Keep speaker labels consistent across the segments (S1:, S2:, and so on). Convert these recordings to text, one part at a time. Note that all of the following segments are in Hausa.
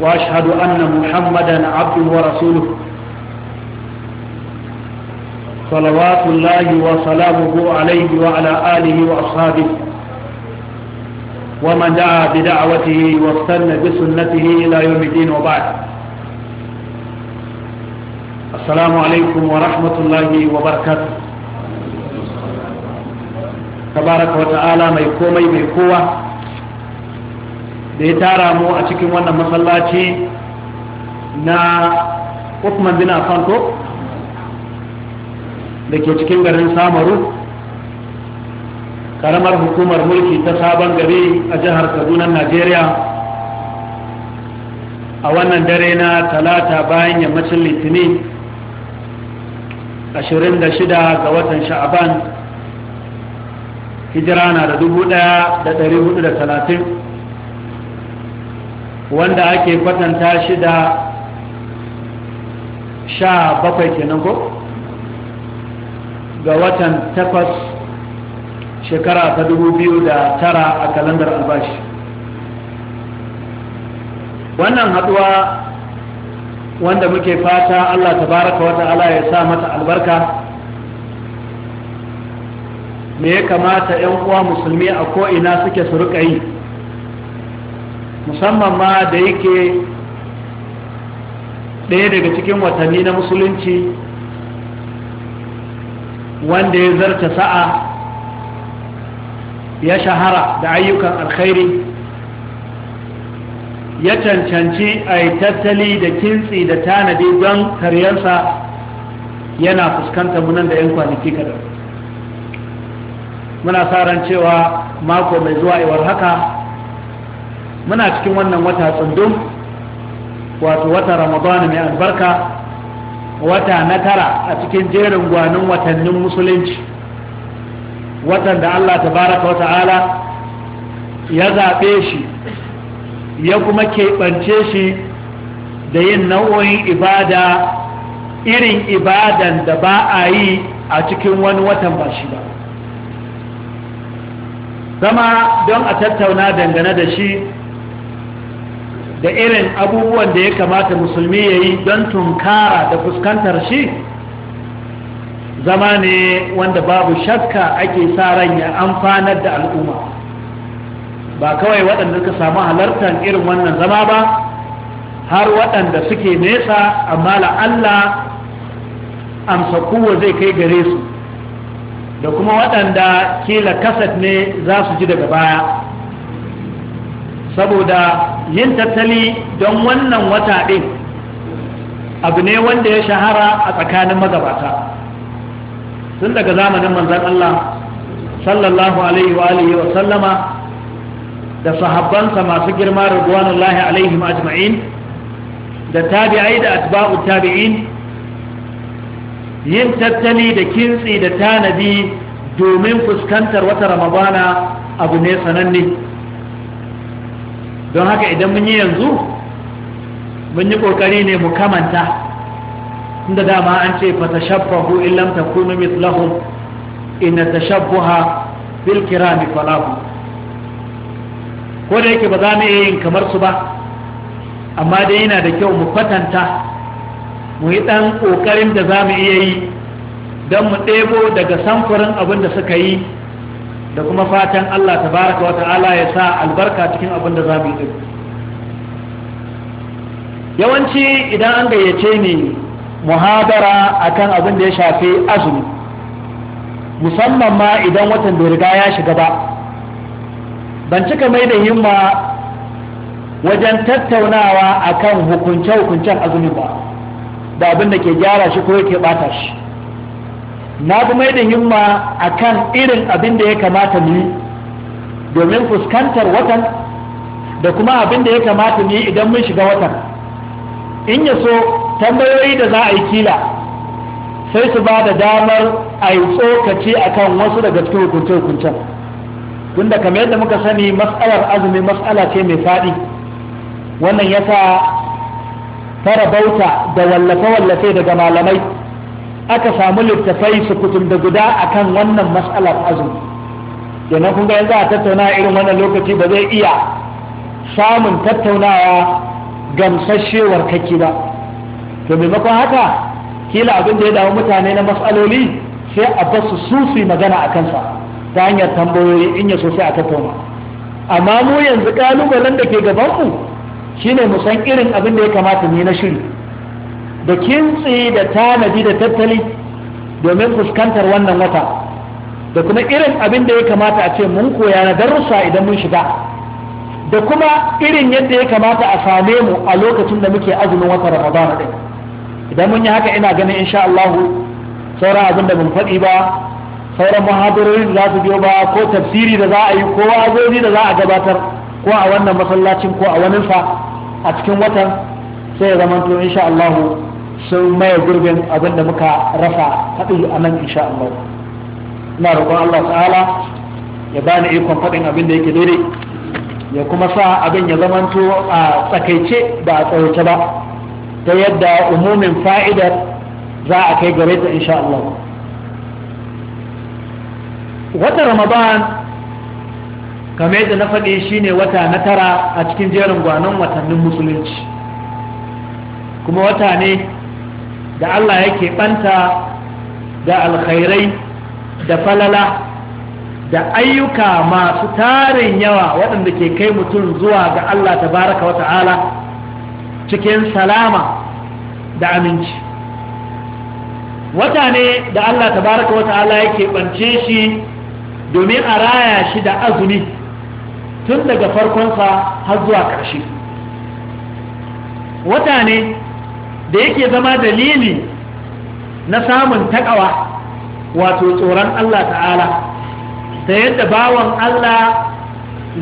S1: وأشهد أن محمدا عبده ورسوله صلوات الله وسلامه عليه وعلى آله وأصحابه ومن دعا بدعوته واستنى بسنته إلى يوم الدين وبعد السلام عليكم ورحمة الله وبركاته تبارك وتعالى ميكومي ميكوة da ya tara mu a cikin wannan masallaci na Uthman bin Affan ko da ke cikin garin Samaru karamar hukumar mulki ta sabon gari a jihar Kaduna Najeriya a wannan dare na talata bayan yammacin litinin 26 ga watan sha'aban hijira na da 1430 wanda ake kwatanta shi da sha bakwai kenan ko ga watan takwas shekara ta dubu biyu da tara a kalandar albashi wannan haduwa wanda muke fata allah ta baraka wata ala ya sa mata albarka me ya kamata 'yan uwa musulmi a ko'ina suke su yi musamman ma da yake ɗaya daga cikin watanni na musulunci wanda ya zarta sa'a ya shahara da ayyukan alkhairi ya cancanci a yi tattali da kintsi da tanadi don karyarsa yana fuskanta munan da 'yan kwanaki kadan muna sa ran cewa mako mai zuwa iwar haka muna cikin wannan wata tsundum wato wata ramadana mai albarka wata na tara a cikin jerin gwanin watannin musulunci watan da Allah tabaraka wa ta'ala ya zaɓe shi ya kuma keɓance shi da yin nau'o'in ibada irin ibadan da ba a yi a cikin wani watan ba shi ba zama don a tattauna dangane da shi da irin abubuwan da ya kamata musulmi ya yi don tunkara da fuskantar shi zama ne wanda babu shakka ake sa ran ya amfanar da al'umma ba kawai waɗanda suka samu halartar irin wannan zama ba har waɗanda suke nesa amma la'alla amsa kuwa zai kai gare su da kuma waɗanda kila kasat ne za su ji daga baya saboda yin tattali don wannan wata ɗin abu ne wanda ya shahara a tsakanin magabata tun daga zamanin manzan Allah sallallahu alaihi wa alihi wa sallama da sahabbansa masu girma radwanullahi alaihim ajma'in da tabi'ai da atba'u tabi'in yin tattali da kintsi da tanadi domin fuskantar wata ramadana abu ne sananne don haka idan mun yi yanzu mun yi kokari ne mu kamanta inda dama an ce fa tashabbahu in lam takunu mithlahum in tashabbaha bil kirami falahu ko da yake ba za mu iya yin kamar su ba amma dai yana da kyau mu kwatanta mu yi dan kokarin da za mu iya yi don mu ɗebo daga samfurin abin da suka yi da kuma fatan Allah Ta wa ta'ala ya sa albarka cikin abin da za mu yi yawanci idan an gayyace ni muhabara akan abin da ya shafe azumi musamman ma idan watan da riga ya shiga ba ban cika mai da himma wajen tattaunawa akan hukunce-hukuncen azumi ba da abin da ke gyara shi ko yake bata shi na bi mai da himma akan irin abin da ya kamata mu domin fuskantar watan da kuma abin da ya kamata mu idan mun shiga watan in ya so tambayoyi da za a yi kila sai su ba da damar a yi tsokaci akan wasu daga cikin hukunce-hukuncen tunda kamar yadda muka sani matsalar azumi matsala ce mai faɗi wannan yasa fara bauta da wallafe-wallafe daga malamai aka samu littafai su kutum da guda akan wannan matsalar azumi kenan kun ga yanzu a tattauna irin wannan lokaci ba zai iya samun tattaunawa gamsasshewar kaki ba to maimakon haka kila abin da ya damu mutane na matsaloli sai a basu su su magana a kansa ta hanyar tambayoyi in ya so sai a tattauna amma mu yanzu kalubalen da ke gabanmu shine mu san irin abin da ya kamata ne na shiri da kintse da tanadi da tattali domin fuskantar wannan wata da kuma irin abin da ya kamata a ce mun koya na darussa idan mun shiga da kuma irin yadda ya kamata a same mu a lokacin da muke azumin wata ramadan din idan mun yi haka ina ganin insha Allah sauran abin da mun faɗi ba sauran muhadarorin da za su biyo ba ko tafsiri da za a yi ko wazozi da za a gabatar ko a wannan masallacin ko a waninsa a cikin watan sai ya zamanto insha Allah sun maye gurbin abin da muka rasa haɗu a nan insha Allah ina roƙon Allah ta'ala ya bani ikon faɗin abin da yake daidai ya kuma sa abin ya zamanto a tsakaice ba a tsawace ba ta yadda umumin fa'idar za a kai gare ta insha Allah watan ramadan kamar yadda na faɗi shine wata na tara a cikin jerin gwanon watannin musulunci kuma wata ne da Allah yake ɓanta da alkhairai da falala da ayyuka masu tarin yawa waɗanda ke kai mutum zuwa ga Allah tabaraka wata'ala cikin salama da aminci wata ne da Allah tabaraka wata'ala ya ɓance shi domin a raya shi da azumi tun daga farkonsa har zuwa ƙarshe wata ne da yake zama dalili na samun takawa wato tsoron Allah ta'ala ta yadda bawan Allah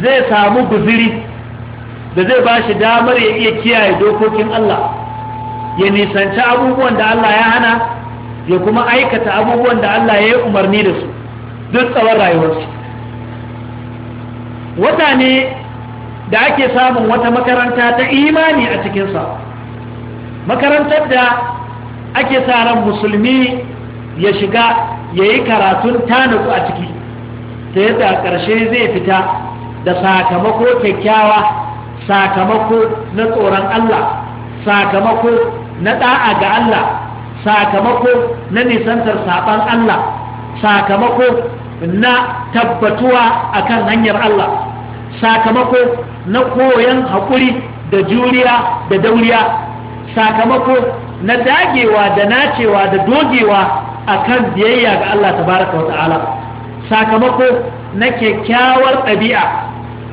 S1: zai samu guziri da zai ba shi damar ya iya kiyaye dokokin Allah ya nisanci abubuwan da Allah ya hana ya kuma aikata abubuwan da Allah ya yi umarni da su duk tsawon rayuwarsu wata ne da ake samun wata makaranta ta imani a cikinsa makarantar da ake sa ran musulmi ya shiga ya yi karatun tanuku a ciki ta yadda a ƙarshe zai fita da sakamako kyakkyawa sakamako na tsoron Allah sakamako na ɗa'a ga Allah sakamako na nisantar saɓan Allah sakamako na tabbatuwa akan hanyar Allah sakamako na koyon haƙuri da juriya da dauriya sakamako na dagewa da nacewa da dogewa akan biyayya ga Allah tabaraka wa ta'ala sakamako na kyakkyawar ɗabi'a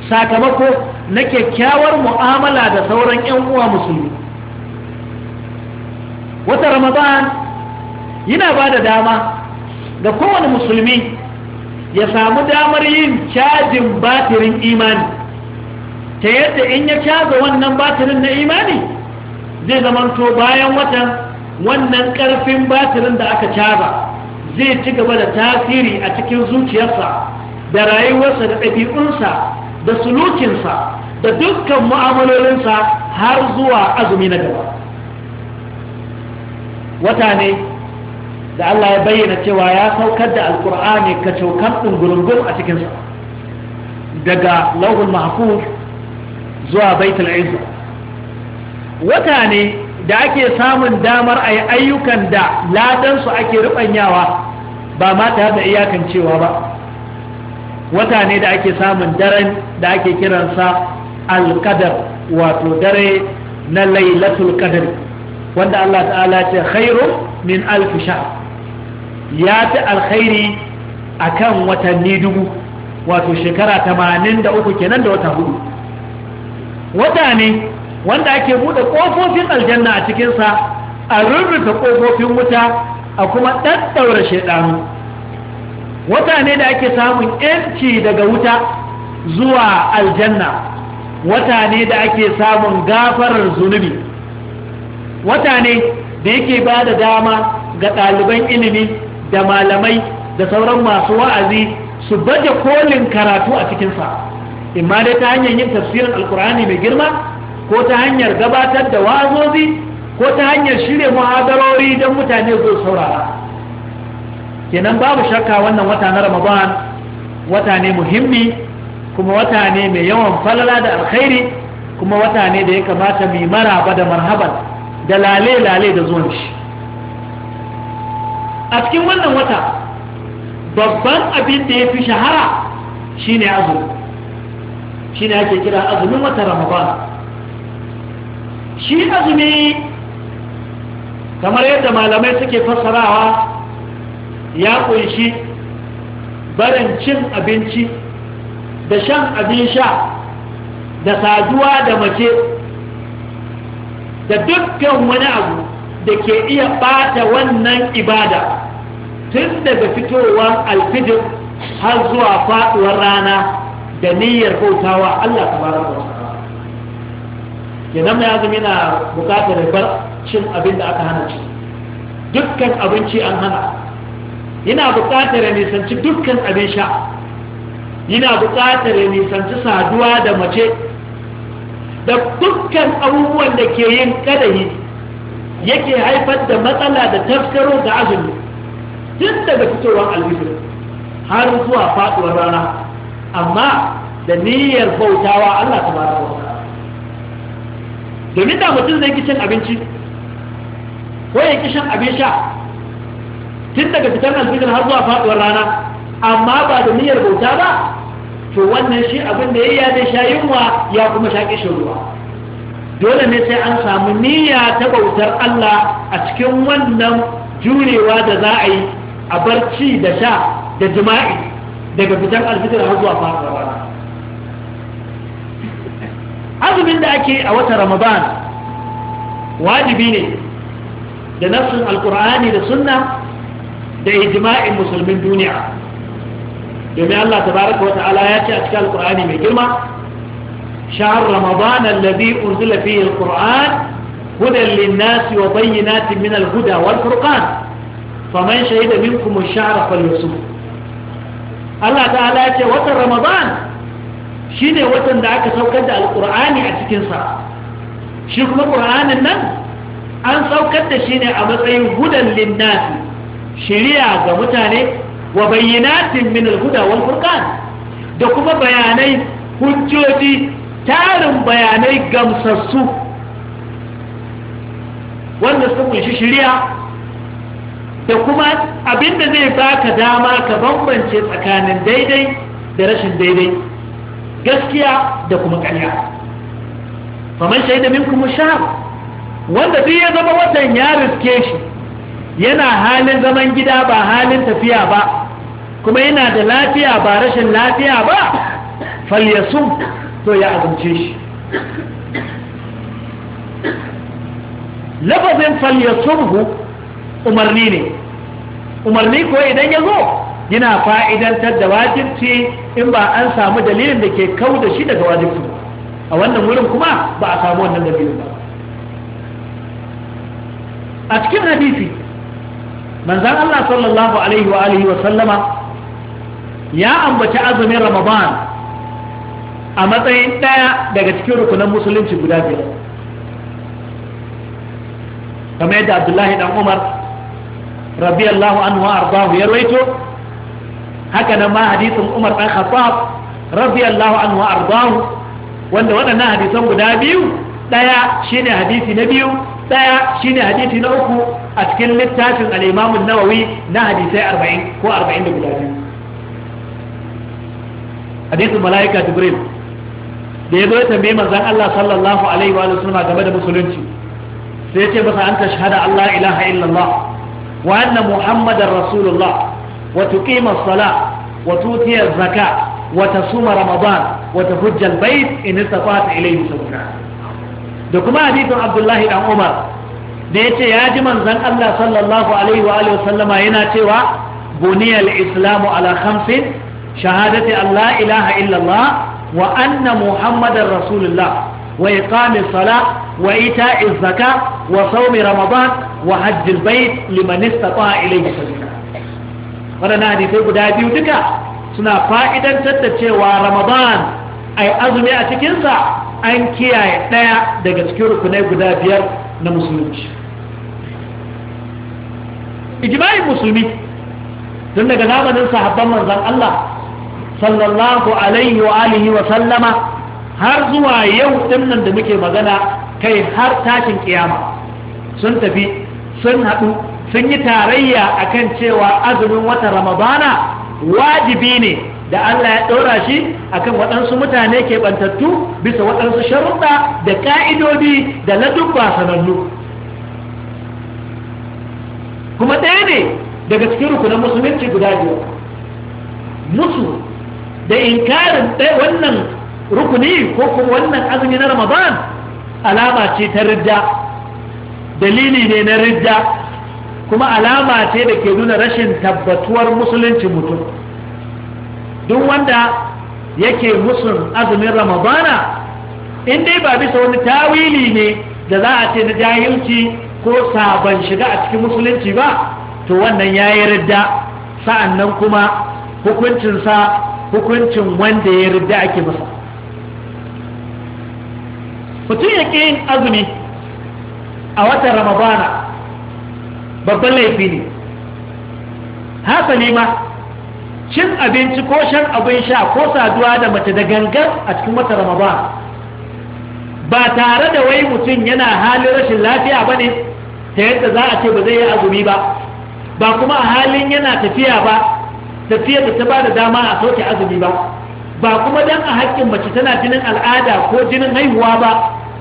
S1: sakamako na kyakkyawar mu'amala da sauran 'yan uwa musulmi wata ramadan yana ba da dama ga kowane musulmi ya samu damar yin cajin batirin imani ta yadda in ya caza wannan batirin na imani zai zamanto bayan watan wannan karfin batirin da aka caza zai ci gaba da tasiri a cikin zuciyarsa da rayuwarsa da ɗabi'unsa da sulukinsa da dukkan mu'amalolinsa har zuwa azumi na gaba wata ne da Allah ya bayyana cewa ya saukar da alkur'ani ka caukan ɗungurungun a cikinsa daga lauhul mahfuz zuwa baitul izza wata ne da ake samun damar a yi ayyukan da ladansu ake ruɓanyawa, ba ma ta da iyakancewa ba wata ne da ake samun daren da ake kiransa alkadar wato dare na lailatul qadr wanda Allah ta'ala ce khairu min alf shahr ya ta alkhairi akan watanni dubu wato shekara 83 kenan da wata hudu wata ne wanda ake buɗe ƙofofin aljanna a cikinsa a rurrufe ƙofofin wuta a kuma ɗaɗɗaura shaidanu wata ne da ake samun ‘yanci daga wuta zuwa aljanna wata ne da ake samun gafarar zunubi wata ne da yake ba da dama ga ɗaliban ilimi da malamai da sauran masu wa'azi su baje kolin karatu a cikinsa imma dai ta hanyar yin tafsirin alkur'ani mai girma ko ta hanyar gabatar da wazozi ko ta hanyar shirya muhadarori don mutane zo saurara kenan babu shakka wannan wata na ramadan wata ne muhimmi kuma wata ne mai yawan falala da alkhairi kuma wata ne da ya kamata mai maraba da marhaban da lale-lale da zuwan shi a cikin wannan wata babban abin da ya fi shahara shine azumi shine ake kira azumin wata ramadan shi azumi kamar yadda malamai suke fassarawa ya kunshi barin cin abinci da shan abin sha da saduwa da mace da dukkan wani abu da ke iya bata wannan ibada tun daga fitowar alfijir har zuwa faduwar rana da niyyar bautawa Allah tabaraka wa kenan ya azumi yana buƙatar bar cin abin da aka hana ci dukkan abinci an hana yana buƙatar ya nisanci dukkan abin sha yana buƙatar ya nisanci saduwa da mace da dukkan abubuwan da ke yin ƙadahi yake haifar da matsala da tafkaro da azumi duk daga fitowar alfijir har zuwa faɗuwar rana amma da niyyar bautawa Allah ta baraka wa domin da mutum zai ki cin abinci ko ya ki abin sha tun daga fitar alfijir har zuwa faduwar rana amma ba da niyyar bauta ba to wannan shi abin da ya yi sha yunwa ya kuma sha kishin ruwa dole ne sai an samu niyya ta bautar Allah a cikin wannan jurewa da za a yi a barci da sha da jima'i daga fitar alfitar har zuwa faduwar rana azumin da ake a wata ramadan wajibi ne da nafsin alkur'ani da sunna da ijma'in musulmin duniya domin Allah tabaraka wa ta'ala ya ce a cikin alkur'ani mai girma shahar ramadan alladhi unzila fihi alqur'an hudan lin wa bayyinatin min al-huda wal-furqan faman shahida minkum ash-shahra falyusum Allah ta'ala ya ce watan ramadan shine watan da aka saukar da alkur'ani a cikinsa. shi kuma ƙur'anin nan an saukar da shi ne a matsayin hudan linnasi shirya ga mutane wa bayyanatin min alhuda wal furqan da kuma bayanai hujjoji tarin bayanai gamsassu wanda sun kunshi shirya da kuma abinda zai baka dama ka bambance tsakanin daidai da rashin daidai gaskiya da kuma ƙarya faman shaida minkum shahr wanda duk ya zama watan ya riske shi yana halin zaman gida ba halin tafiya ba kuma yana da lafiya ba rashin lafiya ba falyasum to ya azumce shi lafazin falyasumhu umarni ne umarni ko idan ya zo yana fa'idantar da wajibci in ba an samu dalilin da ke kau da shi daga wajibci a wannan wurin kuma ba a samu wannan dalilin ba a cikin hadisi manzan Allah sallallahu alaihi ya ambaci azumin ramadan a matsayin ɗaya daga cikin rukunan musulunci guda biyar kamar yadda abdullahi dan umar rabiyallahu anhu ya rawaito haka nan ma hadisin Umar dan Khattab radiyallahu anhu wa ardahu wanda waɗannan hadisan guda biyu ɗaya shine hadisi na biyu ɗaya shine hadisi na uku a cikin littafin al-Imam an-Nawawi na hadisai 40 ko 40 da guda biyu hadisin malaika Jibril da ya zo ya tambaye manzon Allah sallallahu alaihi wa sallam game da musulunci sai ya ce masa an tashhada Allah ilaha illallah wa anna muhammadar rasulullah watu tuqima as-sala wa zaka wata suma ramadan wata hujjar al-bayt in istata ilayhi da kuma hadithin Abdullahi dan Umar da yace ya ji manzon Allah sallallahu alaihi wa alihi wasallama yana cewa buniyal islamu ala khamsin shahadati an la ilaha illa Allah wa anna muhammadar rasulullah وإقام الصلاة wa الزكاة وصوم wa وحج البيت لمن استطاع إليه سبيلا waɗannan hadisai guda biyu duka suna fa'idantar da cewa ramadan a yi azumi a cikinsa an kiyaye ɗaya daga cikin rukunai guda biyar na musulunci ijima'in musulmi tun daga zamanin sahabban manzan Allah sallallahu alaihi wa alihi wa sallama har zuwa yau nan da muke magana kai har tashin kiyama sun tafi sun haɗu sun yi tarayya akan cewa azumin wata ramadana wajibi ne da Allah ya ɗora shi akan waɗansu mutane ke bantattu bisa waɗansu sharuɗa da ƙa'idodi da na duk sanannu kuma ɗaya ne daga cikin rukunan musulunci guda biyu musu da inkarin wannan rukuni ko kuma wannan azumi na ramadan alama ce ta ridda dalili ne na ridda kuma alama ce da ke nuna rashin tabbatuwar musulunci mutum duk wanda yake musun azumin ramadana in dai ba bisa wani tawili ne da za a ce na jahilci ko sabon shiga a cikin musulunci ba to wannan ya yi ridda sa'an nan kuma hukuncinsa hukuncin wanda ya ridda ake masa mutum ya yin azumi a watan ramadana babban laifi ne haka ne ma cin abinci ko shan abin sha ko saduwa da mace da gangan a cikin wata ramadan ba tare da wai mutum yana halin rashin lafiya ba ne ta yadda za a ce ba zai yi azumi ba ba kuma a halin yana tafiya ba Tafiya da ta ba da dama a soke azumi ba ba kuma dan a haƙƙin mace tana jinin al'ada ko jinin haihuwa ba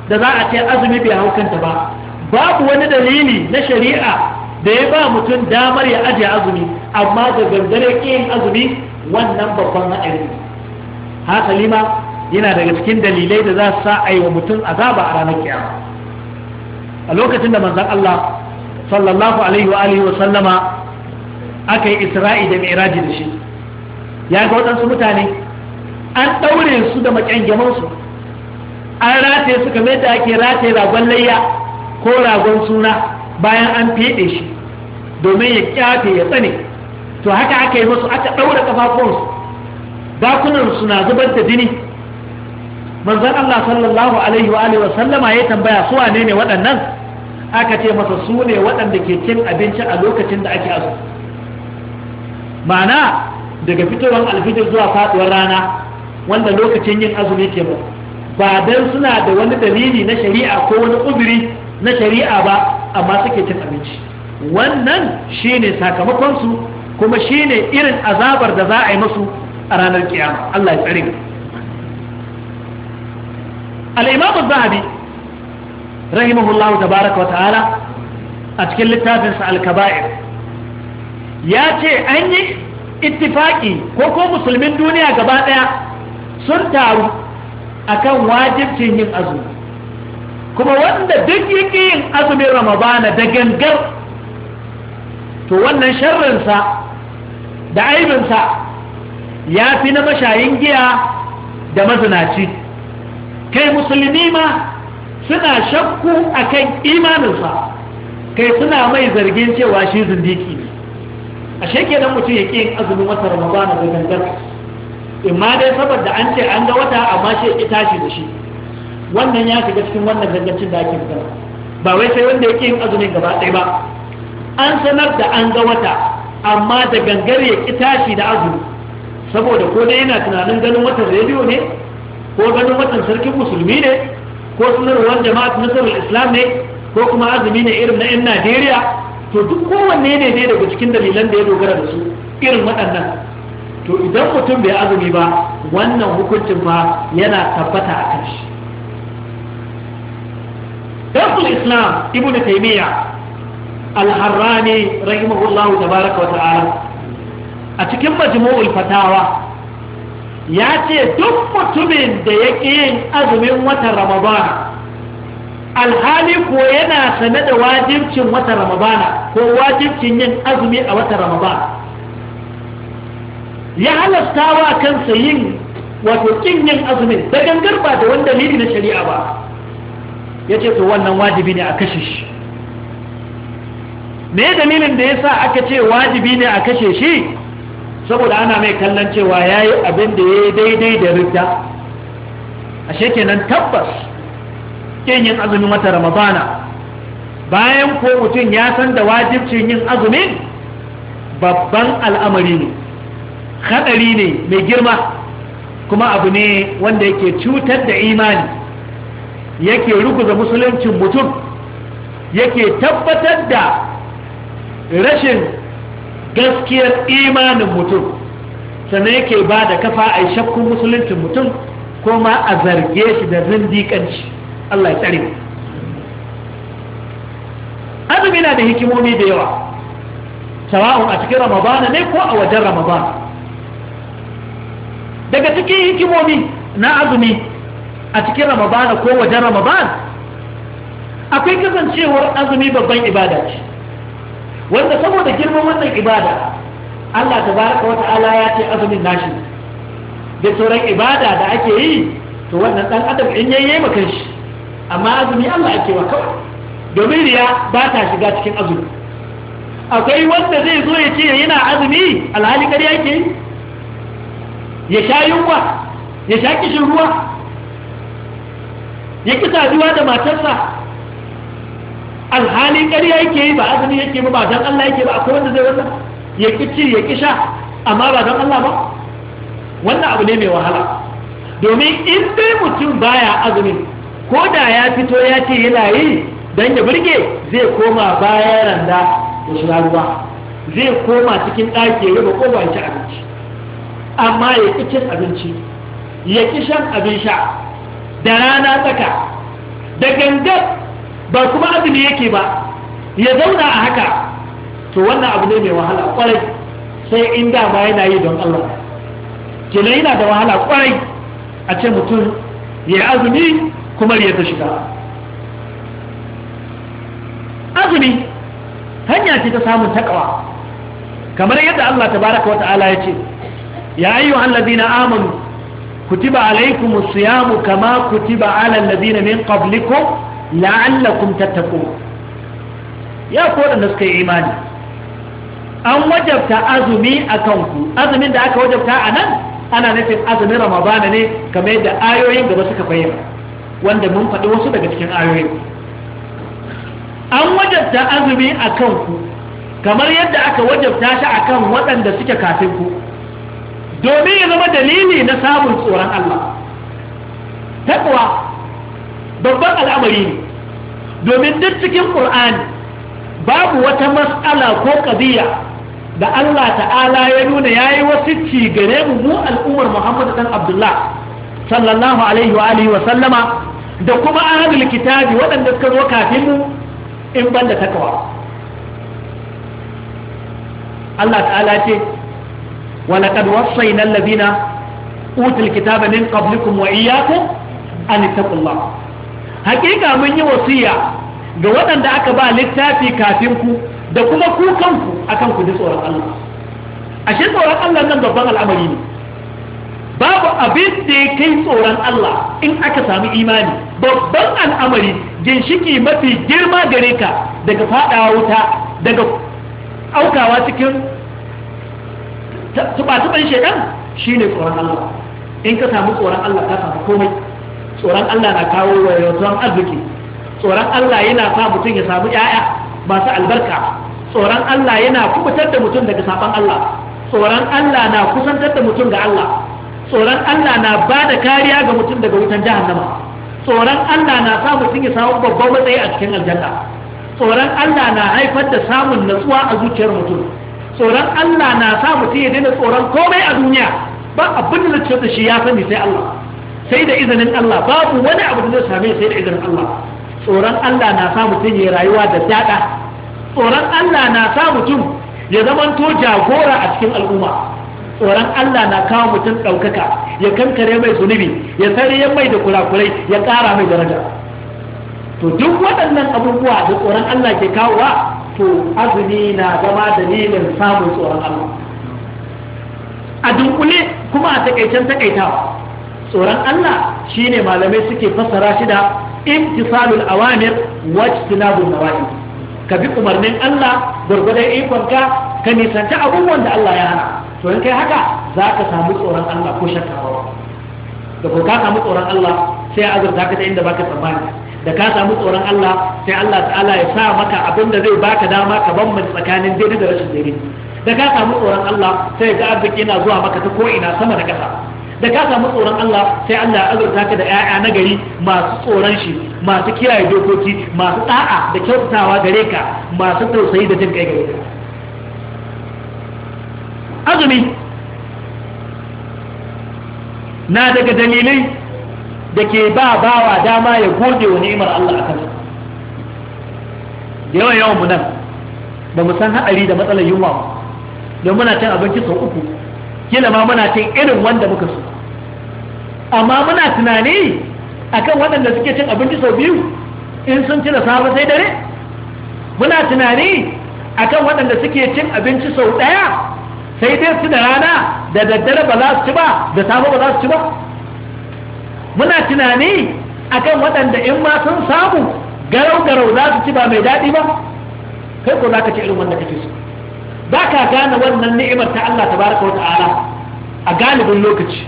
S1: da za a ce azumi bai haukanta ba babu wani dalili na shari'a da ya ba mutum damar ya ajiye azumi amma da gangare yin azumi wannan babban haɗari haka ma yana daga cikin dalilai da za su sa a yi wa mutum azaba a ranar kiyama a lokacin da manzan Allah sallallahu alaihi wa alihi wa sallama aka yi isra'i da mi'raji da shi ya ga waɗansu mutane an ɗaure su da su an rataye su kamar da ake rataye ragon layya ko ragon suna bayan an fiɗe shi domin ya kyafe ya tsane to haka aka yi masu aka ɗaura ƙafafunsu bakunansu na zubar da jini manzon Allah sallallahu alaihi wa alihi ya tambaya su wane ne waɗannan aka ce masa su ne waɗanda ke cin abinci a lokacin da ake asu ma'ana daga fitowar alfijir zuwa faɗuwar rana wanda lokacin yin azumi ke ba don suna da wani dalili na shari'a ko wani uzuri na shari'a ba amma suke cin abinci wannan shine sakamakonsu kuma shine irin azabar da za a yi musu a ranar kiyama Allah ya tsare al-imam zahabi rahimahullahu tabaaraka wa ta'ala a cikin littafinsa al-kaba'ir ya ce an yi ittifaki ko ko musulmin duniya gaba daya sun taru akan wajibcin yin azumi kuma wanda duk yake yin azumin ramadana da gangar to wannan sharrinsa da aibinsa ya fi na mashayin giya da mazinaci kai musulmi ma suna shakku akan imaninsa kai suna mai zargin cewa shi zindiki ne a shekenan mutum ya yin azumin wata ramadana da gangar imma dai saboda an ce an ga wata amma shi ya tashi da shi wannan ya shiga cikin wannan gangancin da ake magana ba wai sai wanda yake yin azumin gaba ɗaya ba an sanar da an ga wata amma da gangar ya ki tashi da azumi saboda ko dai yana tunanin ganin watan rediyo ne ko ganin watan sarkin musulmi ne ko sanarwar jama'at nasarar islam ne ko kuma azumi ne irin na 'yan najeriya to duk kowanne ne ne daga cikin dalilan da ya dogara da su irin waɗannan to idan mutum bai azumi ba wannan hukuncin ba yana tabbata a kan darsul islam ibn taymiya al-harrani rahimahullahu tabaraka wa ta'ala a cikin majmu'ul fatawa ya ce duk mutumin da ya yin azumin watan ramadana alhali ko yana sane da wajibcin watan ramadana ko wajibcin yin azumi a watan ramadana ya halasta wa kansa yin wato kin yin azumin da gangar ba da wani dalili na shari'a ba ya ce to wannan wajibi ne a kashe shi me dalilin da ya sa aka ce wajibi ne a kashe shi saboda ana mai kallon cewa ya yi abin da ya yi daidai da ridda ashe kenan tabbas kin yin azumi wata ramadana bayan ko mutum ya san da wajibcin yin azumin babban al'amari ne haɗari ne mai girma kuma abu ne wanda yake cutar da imani yake rukuza musuluncin mutum yake tabbatar da rashin gaskiyar imanin mutum sannan yake ba da kafa a shakkun musuluncin mutum ko ma a zarge shi da zindiƙanci Allah ya tsare azumi na da hikimomi da yawa sawa'un a cikin ramadana ne ko a wajen ramadana daga cikin hikimomi na azumi a cikin ramadana ko wajen ramadan akwai kasancewar azumi babban ibada ce wanda saboda girman wannan ibada Allah ta baraka wa ta'ala ya ce azumin nashi da sauran ibada da ake yi to wannan dan adam in yi maka shi amma azumi Allah ake wa kawai domin riya ba ta shiga cikin azumi akwai wanda zai zo ya ce yana azumi alhali kariya yake ya sha yunwa ya sha kishin ruwa ya ki saduwa da matarsa alhalin ƙarya yake yi ba azumi yake ba ba don Allah yake ba akwai wanda zai wannan ya ki ci ya ki sha amma ba don Allah ba wannan abu ne mai wahala domin in dai mutum baya azumi ko da ya fito ya ce yana yi don ya burge zai koma bayan randa da shiga ruwa zai koma cikin ɗaki ya rufe kowa ci abinci amma ya ƙi cin abinci ya ƙi shan abin sha da rana tsaka da gangan ba kuma azumi yake ba ya zauna a haka to wannan abu ne mai wahala kwarai sai in dama yana yi don Allah kenan yana da wahala kwarai a ce mutum ya azumi kuma ya ta shiga azumi hanya ce ta samun takawa kamar yadda Allah tabaraka wa ta'ala ya ce ya ayyuhallazina amanu kutiba alaikum siyamu kama kutiba ala alladhina min qablikum la'allakum tattaqun ya ko da suka yi imani an wajabta azumi akan ku azumin da aka wajabta anan ana nufin azumin ramadana ne kamar yadda ayoyin gaba suka bayyana wanda mun faɗi wasu daga cikin ayoyin an wajabta azumi akan ku kamar yadda aka wajabta shi akan waɗanda suke kafin ku domin ya zama dalili na samun tsoron Allah taqwa babban al'amari ne domin duk cikin Qur'ani babu wata mas'ala ko qadiya da Allah ta'ala ya nuna yayi wasu gare mu mu al'ummar Muhammad dan Abdullah sallallahu alaihi wa alihi wa sallama da kuma ahlul kitabi waɗanda suka zo kafin mu in banda takawa Allah ta'ala ce ولقد وصينا الذين أوتوا الكتاب من قبلكم وإياكم أن اتقوا الله حقيقة من يوصية ga waɗanda aka ba littafi kafin ku da kuma kukanku kanku akan ku ji tsoron Allah ashe tsoron Allah nan babban al'amari ne babu abin da ya kai tsoron Allah in aka samu imani babban al'amari ginshiki mafi girma gare ka daga fadawa wuta daga aukawa cikin tuba-tuban shekan shi ne tsoron Allah in ka samu tsoron Allah ka samu komai tsoron Allah na kawo wa arziki tsoron Allah yana sa mutum ya samu ‘ya'ya masu albarka tsoron Allah yana kubutar da mutum daga saban Allah tsoron Allah na kusantar da mutum ga Allah tsoron Allah na ba da kariya ga mutum daga wutan jahannama tsoron Allah na sa mutum ya samu babban matsayi a cikin aljanna tsoron Allah na haifar da samun natsuwa a zuciyar mutum tsoron Allah na sa mutum ya daina tsoron komai a duniya ba abin da zai shi ya sani sai Allah sai da izinin Allah babu wani abu da zai same sai da izinin Allah tsoron Allah na sa mutum ya rayuwa da daɗa tsoron Allah na sa mutum ya zamanto jagora a cikin al'umma tsoron Allah na kawo mutum ɗaukaka ya kankare mai zunubi ya sariyar mai da kurakurai ya ƙara mai daraja to duk waɗannan abubuwa da tsoron Allah ke kawowa to azumi na zama dalilin samun tsoron Allah a dunkule kuma a takaicen takaitawa tsoron Allah shine malamai suke fassara shi da imtisalul awamir wa tinabun nawahi ka bi umarnin Allah gurgurdan ikonka ka nisanta abubuwan da Allah ya hana to in kai haka za ka samu tsoron Allah ko shakka da ko ka samu tsoron Allah sai azurta ka ta inda baka tsammani da ka samu tsoron Allah sai Allah ta'ala ya sa maka abin da zai baka dama ka bambanta tsakanin daidai da rashin daidai da ka samu tsoron Allah sai ga arziki yana zuwa maka ta ko'ina sama da ƙasa da ka samu tsoron Allah sai Allah ya azurta ka da 'ya'ya na gari masu tsoron shi masu kiyaye dokoki masu da'a da kyautatawa gare ka masu tausayi da jin kai gare ka azumi na daga dalilai da ke ba bawa dama ya gode wa ni'imar Allah a kansa yawan yawan mu nan ba mu san haɗari da matsalar yunwa ba don muna cin abinci sau uku kila ma muna cin irin wanda muka so amma muna tunani akan waɗanda suke cin abinci sau biyu in sun ci da safe sai dare muna tunani akan waɗanda suke cin abinci sau ɗaya sai dai su da rana da daddare ba za su ci ba da safe ba za su ci ba muna tunani akan waɗanda in ma sun samu garau garau za su ci ba mai daɗi ba kai ko za ka ci irin wanda kake so ba ka gane wannan ni'imar ta Allah tabaraka wa ta'ala a galibin lokaci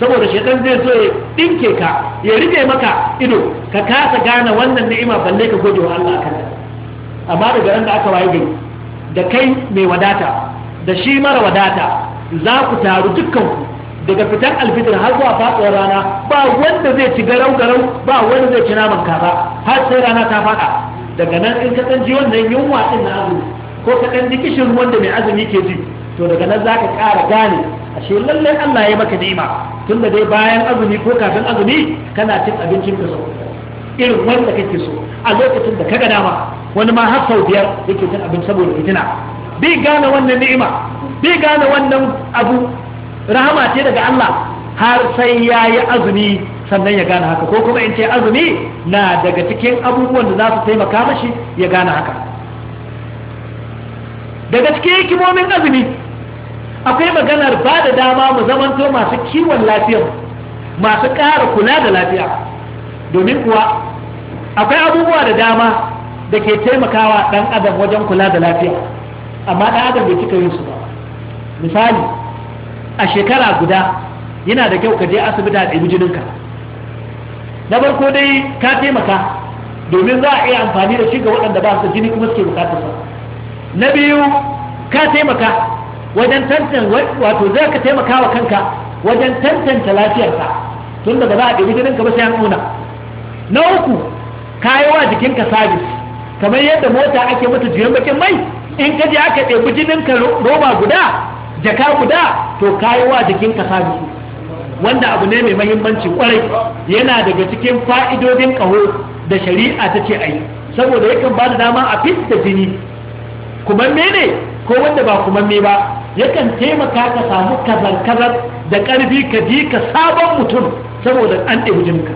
S1: saboda shekan zai so ya ɗinke ka ya rike maka ido ka kasa gane wannan ni'ima balle ka gode wa Allah akan amma daga ran da aka waye gari da kai mai wadata da shi mara wadata za ku taru dukkanku daga fitar alfitar har zuwa faɗuwar rana ba wanda zai ci garau garau ba wanda zai ci naman kaza har sai rana ta faɗa daga nan in ka san ji wannan yunwa din na azumi ko ka dan ji ruwan da mai azumi ke ji to daga nan zaka ƙara gane ashe lallai Allah ya maka ni'ima tunda dai bayan azumi ko kafin azumi kana cin abincin ka sau irin wanda kake so a lokacin da ka ga dama wani ma har sau biyar yake cin abin saboda fitina bai gane wannan ni'ima bai gane wannan abu rahama ce daga Allah har sai ya yi azumi sannan ya gane haka ko kuma in ce azumi na daga cikin abubuwan da za su taimaka mashi ya gane haka daga cikin hikimomin azumi akwai maganar ba da dama mu zamanto masu kiwon lafiya masu ƙara kula da lafiya domin kuwa akwai abubuwa da dama da ke taimakawa ɗan adam wajen kula da lafiya amma ɗan adam bai cika yin su ba misali a shekara guda yana da kyau ka je asibiti a ɗabi jininka na farko dai ka taimaka domin za a iya amfani da shi ga waɗanda ba su jini kuma suke bukatar sa na biyu ka taimaka wajen tantance wato zai ka taimaka wa kanka wajen tantance lafiyarka tun daga za a ɗabi jininka ba sai an nuna na uku ka yi wa jikinka sabis kamar yadda mota ake mata jiyan bakin mai in ka je aka ɗebi jinin ka roba guda jaka guda to kayi wa jikinka sabisu wanda abu ne mai mahimmanci kwarai yana daga cikin fa'idodin kaho da shari'a ta ce ayi saboda yakan ba da dama a fitta jini kumamme ne ko wanda ba kumamme ba yakan taimaka ka samu kazar-kazar da ƙarfi ka ji ka sabon mutum saboda an ɗebi jininka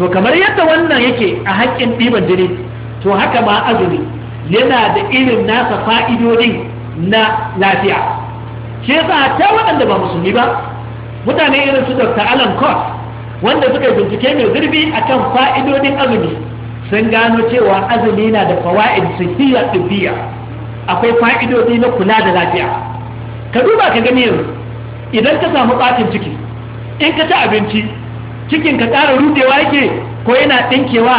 S1: to kamar yadda wannan yake a haƙƙin ɗiban jini to haka ma azumi yana da irin nasa fa'idodin na lafiya shi yasa ta waɗanda ba musulmi ba mutane irin su dr alan cox wanda suka yi bincike mai zurfi akan fa'idodin azumi sun gano cewa azumi na da fawa'id sahiya tafiya akwai fa'idodi na kula da lafiya ka duba ka gani yanzu idan ka samu ɓatin ciki in ka ci abinci cikin ka ƙara rudewa yake ko yana ɗinkewa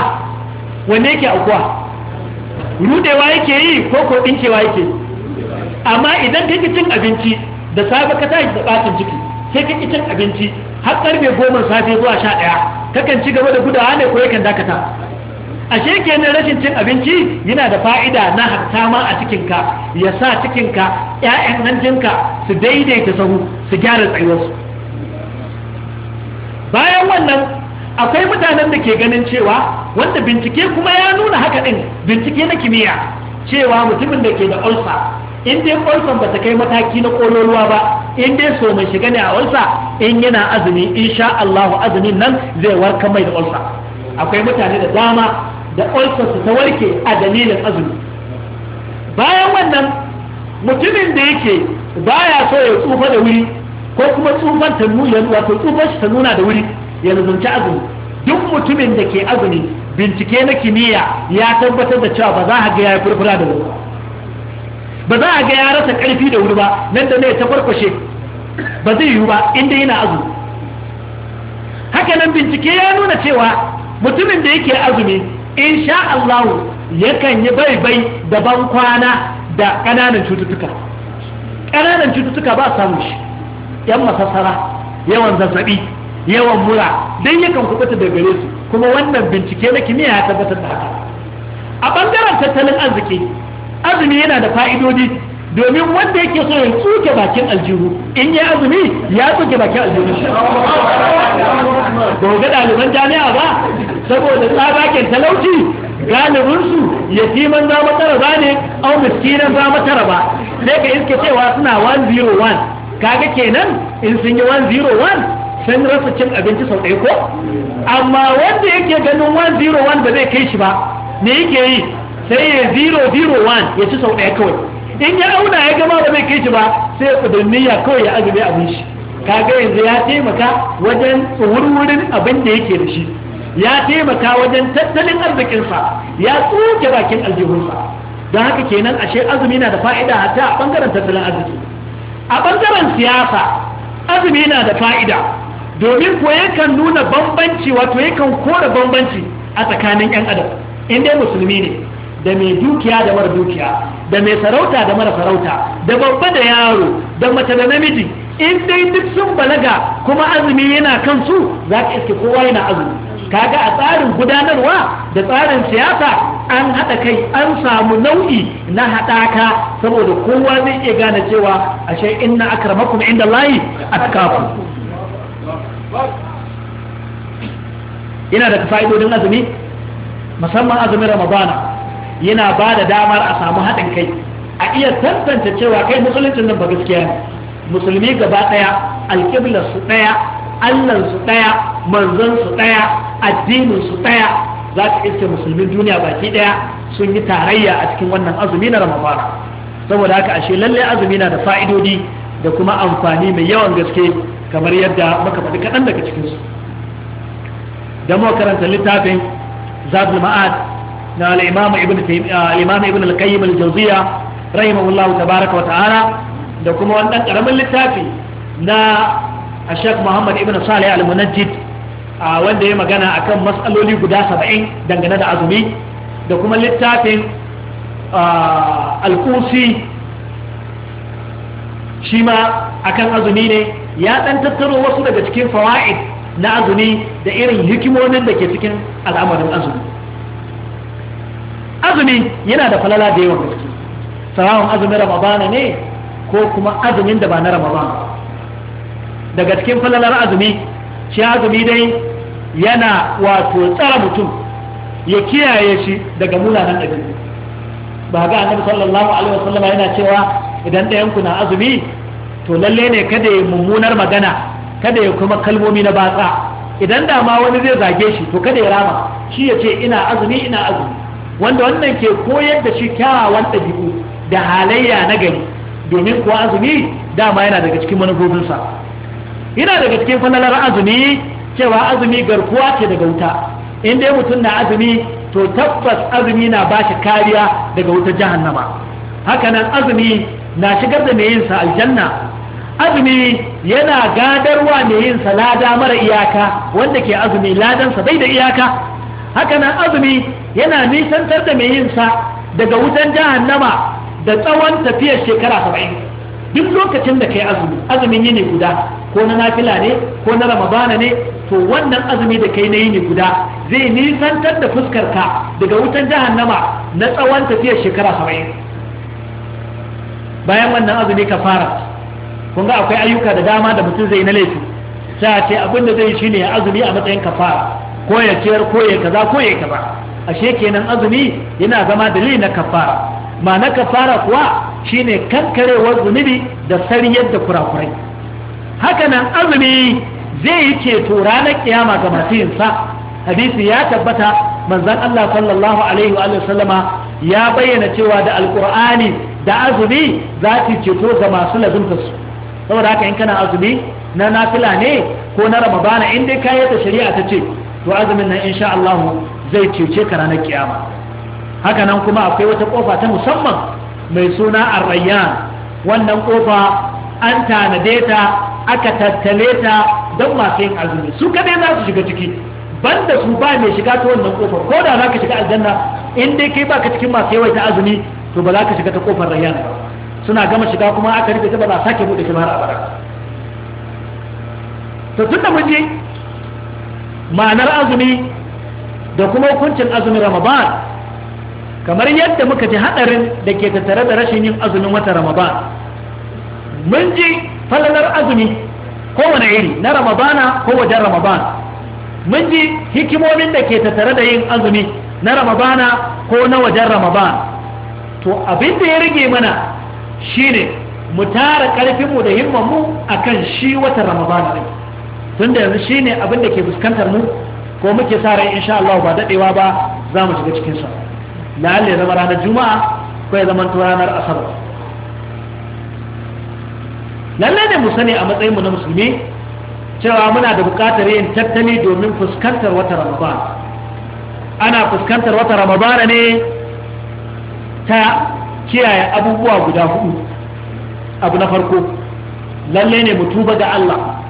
S1: wanne yake aukuwa rudewa yake yi ko ko ɗinkewa yake yi amma idan kake cin abinci da safe ka tashi da bacin ciki sai ki cin abinci har karfe goma safe zuwa sha ɗaya kakan ci gaba da gudawa ne ko yakan dakata ashe kenan rashin cin abinci yana da fa'ida na hatta ma a cikinka ya sa cikinka ƴaƴan hanjinka su daidaita sahu su gyara tsayuwarsu bayan wannan akwai mutanen da ke ganin cewa wanda bincike kuma ya nuna haka din bincike na kimiyya cewa mutumin da ke da ulcer in dai ƙwarfan ba ta kai mataki na ƙololuwa ba in dai so mai shiga ne a ulsa in yana azumi in sha Allahu azumin nan zai warka mai da ulsa akwai mutane da dama da ulsa su ta warke a dalilin azumi bayan wannan mutumin da yake baya so ya tsufa da wuri ko kuma tsufan ta nuna wato tsufan ta nuna da wuri ya nazanci azumi duk mutumin da ke azumi bincike na kimiyya ya tabbatar da cewa ba za a ga ya furfura da wuri ba za a ga ya rasa karfi da wuri ba nan da ne ta farkwashe ba zai yiwu ba inda yana azumi haka nan bincike ya nuna cewa mutumin da yake azumi in sha Allah yakan yi baibai da ban kwana da ƙananan cututtuka ƙananan cututtuka ba samun shi yan masassara, yawan zazzabi yawan mura don yakan kubuta da gare su kuma wannan bincike na kimiyya ya tabbatar da haka a ɓangaren tattalin arziki azumi yana da fa'idodi domin wanda yake so ya tsuke bakin aljihu in ya azumi ya tsuke bakin aljihu ba ga ɗaliban jami'a ba saboda tsabakin talauci galibinsu yatiman za matara ba ne au miskinan za matara ba sai ka iske cewa suna 101 kaga kenan in sun yi 101 sun rasa cin abinci sau ɗaya ko amma wanda yake ganin 101 ba zai kai shi ba me yake yi sai ya 001 ya ci sau ɗaya kawai in ya auna ya gama ba zai kai shi ba sai ya niyya kawai ya azumi abin shi kaga yanzu ya taimaka wajen wurwurin abin da yake da shi ya taimaka wajen tattalin arzikinsa ya tsoke bakin aljihunsa don haka kenan ashe azumi na da fa'ida hatta a ɓangaren tattalin arziki a bangaren siyasa azumi na da fa'ida domin ko yakan nuna bambanci wato yakan kora bambanci a tsakanin 'yan adam in dai musulmi ne da mai dukiya da mara dukiya da mai sarauta da mara sarauta da babba da yaro da mace da namiji in dai duk sun balaga kuma azumi yana kan su za ka iske kowa yana azumi kaga a tsarin gudanarwa da tsarin siyasa an haɗa kai an samu nau'i na haɗaka saboda kowa zai iya gane cewa ashe inna akramakum inda layi ina da fa'idodin azumi musamman azumin ramadana yana ba da damar a samu haɗin kai a iya tantance cewa kai musuluncin nan ba gaskiya ne musulmi gaba ɗaya alƙibla su ɗaya allan su ɗaya manzon su ɗaya addinin su ɗaya za ka iske musulmin duniya baki ɗaya sun yi tarayya a cikin wannan azumi na ramadan saboda haka ashe lallai azumi na da fa'idodi da kuma amfani mai yawan gaske kamar yadda muka faɗi kaɗan daga cikinsu da mu karanta littafin zabul ma'ad na al ibn uh, al-imam ibn al-qayyim al-jawziya wa ta'ala da kuma wannan karamin littafi na Sheikh Muhammad ibn Salih al-Munajjid uh, wanda ya magana akan matsaloli guda 70 dangane da azumi da kuma littafin uh, al-Qusi shi ma akan azumi ne ya dan tattaro wasu daga cikin fawaid na azumi da irin hikimomin da ke cikin al'amarin azumi azumi yana da falala da yawan gaske sawa'un azumin ramadana ne ko kuma azumin da ba na ba. daga cikin falalar azumi shi azumi dai yana wato tsara mutum ya kiyaye shi daga munanan ɗabi'u ba ga annabi sallallahu alaihi wasallam yana cewa idan ɗayan ku na azumi to lalle ne kada ya mummunar magana kada ya kuma kalmomi na batsa idan da ma wani zai zage shi to kada ya rama shi ya ce ina azumi ina azumi wanda wannan ke koyar da shi kyawawan ɗabi'u da halayya na gari domin kuwa azumi dama yana daga cikin manufofinsa yana daga cikin fanalar azumi cewa azumi garkuwa ce daga wuta in dai mutum na azumi to tabbas azumi na ba shi kariya daga wutar jahannama hakanan azumi na shigar da mai yinsa aljanna azumi yana gadarwa mai yinsa lada mara iyaka wanda ke azumi ladansa bai da iyaka haka nan azumi yana nisantar da mai yin sa daga wutan jahannama da tsawon tafiyar shekara 70 duk lokacin da kai azumi azumin yini guda ko na nafila ne ko na ramadana ne to wannan azumi da kai na yini guda zai nisantar da fuskarka daga wutan jahannama na tsawon tafiyar shekara 70 bayan wannan azumi ka fara kun ga akwai ayyuka da dama da mutum zai na laifi sai a ce abin da zai shi ne azumi a matsayin kafara ko ya ciyar ko ya kaza ko ya kaza ashe kenan azumi yana zama dalili na kafara ma na kafara kuwa shine kankarewar zunubi da sariyar da kurakurai nan azumi zai yi ceto ranar kiyama ga masu yinsa hadisi ya tabbata manzon Allah sallallahu alaihi wa sallama ya bayyana cewa da alqur'ani da azumi za su ceto ga masu lazumta su saboda haka in kana azumi na nafila ne ko na ramadana in dai kayan da shari'a ta ce to azumin nan insha Allah zai cece ka ranar kiyama haka nan kuma akwai wata kofa ta musamman mai suna arrayyan wannan kofa an tanade ta aka tattale ta don masu yin azumi su kadai za su shiga ciki banda su ba mai shiga ta wannan kofar ko da za ka shiga aljanna in dai kai baka cikin masu yawaita azumi to ba za ka shiga ta kofar rayyan ba suna gama shiga kuma aka rufe ta ba za sake buɗe shi har abada to tunda mun je ma'anar azumi da kuma hukuncin azumin ramadan kamar yadda muka ji hadarin da ke tattare da rashin yin azumin wata ramadan mun ji falalar azumi kowane iri na ramadana ko wajen ramadan mun ji hikimomin da ke tattare da yin azumi na ramadana ko na wajen ramadan to abin da ya rage mana shine mu tara karfinmu da himmanmu akan shi wata ramadana ne tun da yanzu shine abin da ke fuskantar mu ko muke sa rai insha Allah ba dadewa ba za mu shiga cikin sa lalle ya zama ranar juma'a ko ya zama ranar asabar lalle ne mu sani a matsayin mu na musulmi cewa muna da buƙatar yin tattali domin fuskantar wata ramadan ana fuskantar wata ramadan ne ta kiyaye abubuwa guda hudu abu na farko lalle ne mu tuba ga Allah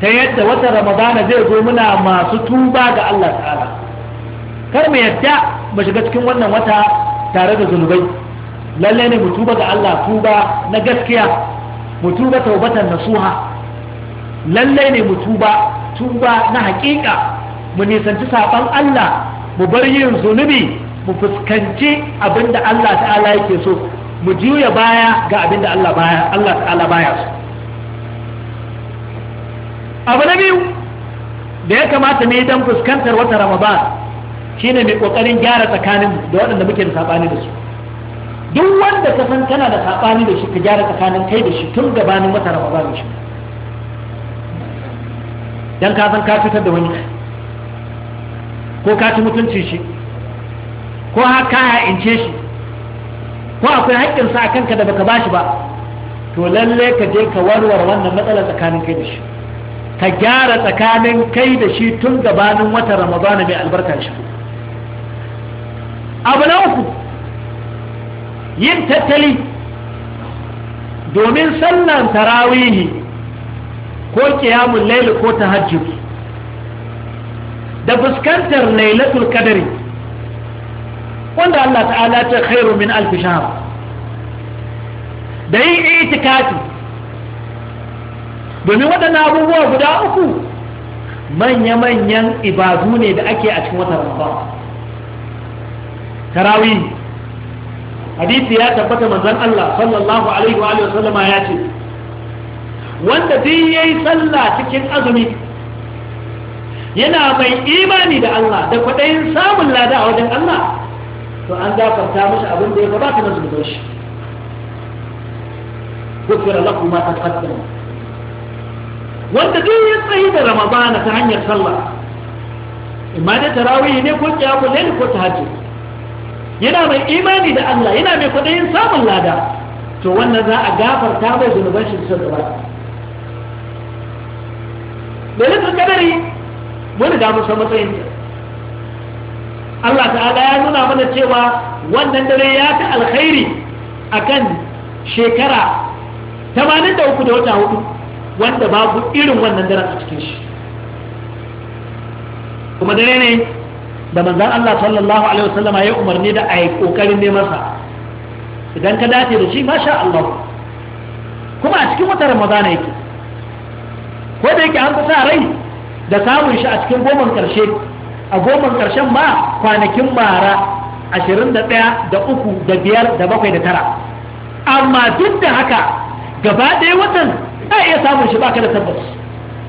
S1: ta yadda wata ramadana zai zo muna masu tuba ga Allah ta'ala kar mu yadda mu shiga cikin wannan wata tare da zunubai lalle ne mu tuba ga Allah tuba na gaskiya mu tuba taubatan nasuha lalle ne mu tuba tuba na haƙiƙa mu nisanci saban Allah mu bar yin zunubi mu fuskanci abinda Allah ta'ala yake so mu juya baya ga abinda Allah baya Allah ta'ala baya so abu na biyu da ya kamata mu yi don fuskantar wata ramadan shine mai kokarin gyara tsakanin da waɗanda muke da sabani da su duk wanda ka san kana da sabani da shi ka gyara tsakanin kai da shi tun gabanin wata ramadan shi dan ka san ka fitar da wani ko ka ci mutuncin shi ko ha ka ince shi ko akwai haƙƙinsa a kanka da baka bashi ba to lalle ka je ka warware wannan matsalar tsakanin kai da shi ka gyara tsakanin kai da shi tun gabanin wata ramadana mai albarka shi abu na uku yin tattali domin sallan tarawihi ko kiyamun laili ko tahajjud da fuskantar lailatul kadari wanda Allah ta'ala ta khairu min alf da yin itikafi domin waɗannan abubuwa guda uku manya-manyan ibadu ne da ake a cikin watan ramadan tarawih hadisi ya tabbata manzon Allah sallallahu alaihi wa sallama ya ce wanda duk yayi sallah cikin azumi yana mai imani da Allah da kwaɗayin samun lada a wajen Allah to an gafarta mashi abin da ya gabata na zubar shi kufira lakum ma taqaddama wanda duk ya tsayi da ramadana ta hanyar sallah imma da tarawih ne ko kiyamu ne ko tahajjud yana mai imani da Allah yana mai kwadayin samun lada to wannan za a gafarta mai zunuban shi sun gaba lailatul qadari wani da musa matsayin Allah ta'ala ya nuna mana cewa wannan dare ya ta alkhairi akan shekara 83 da wata hudu wanda babu irin wannan daren a cikin shi kuma dare ne da manzan Allah sallallahu alaihi wasallam ya umarni da a yi kokarin neman sa idan ka dace da shi masha Allah kuma a cikin wata ramadana yake ko da yake an kusa rai da samun shi a cikin goman karshe a goman karshen ma kwanakin mara ashirin da ɗaya da uku da biyar da bakwai da tara amma duk da haka gaba ɗaya watan a iya samun shi baka da tabbas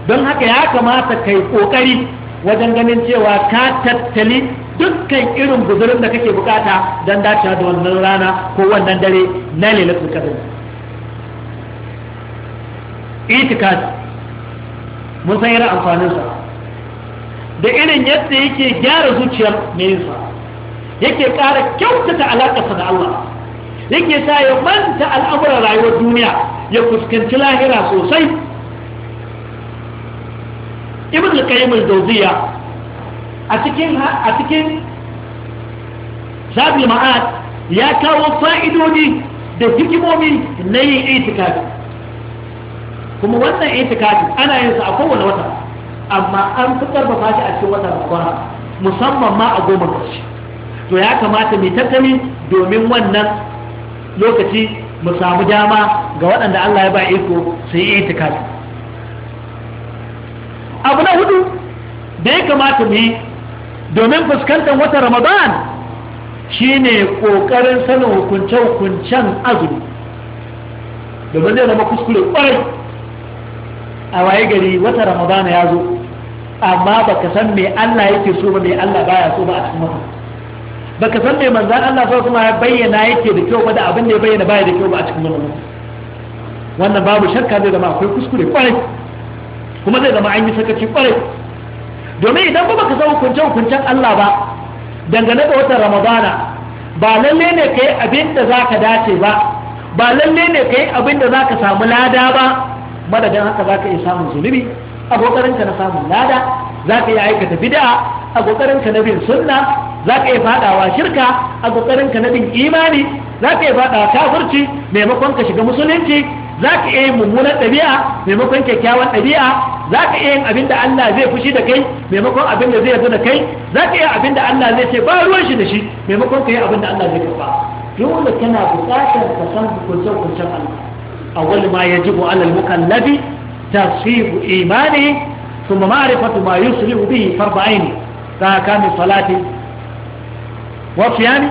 S1: don haka ya kamata kai kokari wajen ganin cewa ka tattali dukkan irin guzurin da kake bukata don dacewa da wannan rana ko wannan dare na lailatul qadr itikafi mun san irin amfaninsa da irin yadda yake gyara zuciyar mai yinsa yake ƙara kyautata alaƙarsa da Allah yake sa ya manta al'amuran rayuwar duniya ya fuskanci lahira sosai ibn al-qayyim al a cikin a cikin zabi ma'ad ya kawo fa'idodi da hikimomi na yin itikafi kuma wannan itikafi ana yin sa a kowane wata amma an fi karfafa shi a cikin wata ramadan musamman ma a goma ƙarshe to ya kamata mai tattali domin wannan lokaci mu samu dama ga waɗanda Allah ya ba iko sai yi itikafi abu na hudu da ya kamata mu yi domin fuskantar wata ramadan shine kokarin sanin hukunce-hukuncen azumi domin zai zama kuskure kwarai a waye gari wata ramadan ya zo amma baka san me Allah yake so ba mai Allah baya so ba a cikin wata baka san me manzan Allah sau kuma bayyana yake da kyau ba da abin da ya bayyana baya da kyau ba a cikin wata wannan babu shakka zai zama akwai kuskure kwarai kuma zai zama an yi sakaci kwarai domin idan ba ka san hukuncen hukuncen Allah ba dangane da watan Ramadana ba lalle ne kai abin da ka dace ba ba lalle ne kai abin da ka samu lada ba madadin haka za ka iya samun zunubi a ka na samun lada za ka iya aikata bid'a a ka na bin sunna za ka iya fadawa shirka a ka na bin imani ka iya fadawa kafirci maimakon ka shiga musulunci za ka iya yin mummunan ɗabi'a maimakon kyakkyawan ɗabi'a za ka iya yin abin da Allah zai fushi da kai maimakon abin da zai yarda da kai za ka iya abin da Allah zai ce ba ruwan shi da shi maimakon ka yi abin da Allah zai karɓa dole kana buƙatar ka san hukuncen hukuncen Allah a wani ma ya yajibu ala al-mukallabi tasfihu imani thumma ma'rifatu ma yuslihu bihi farba'in ka kami salati wa siyami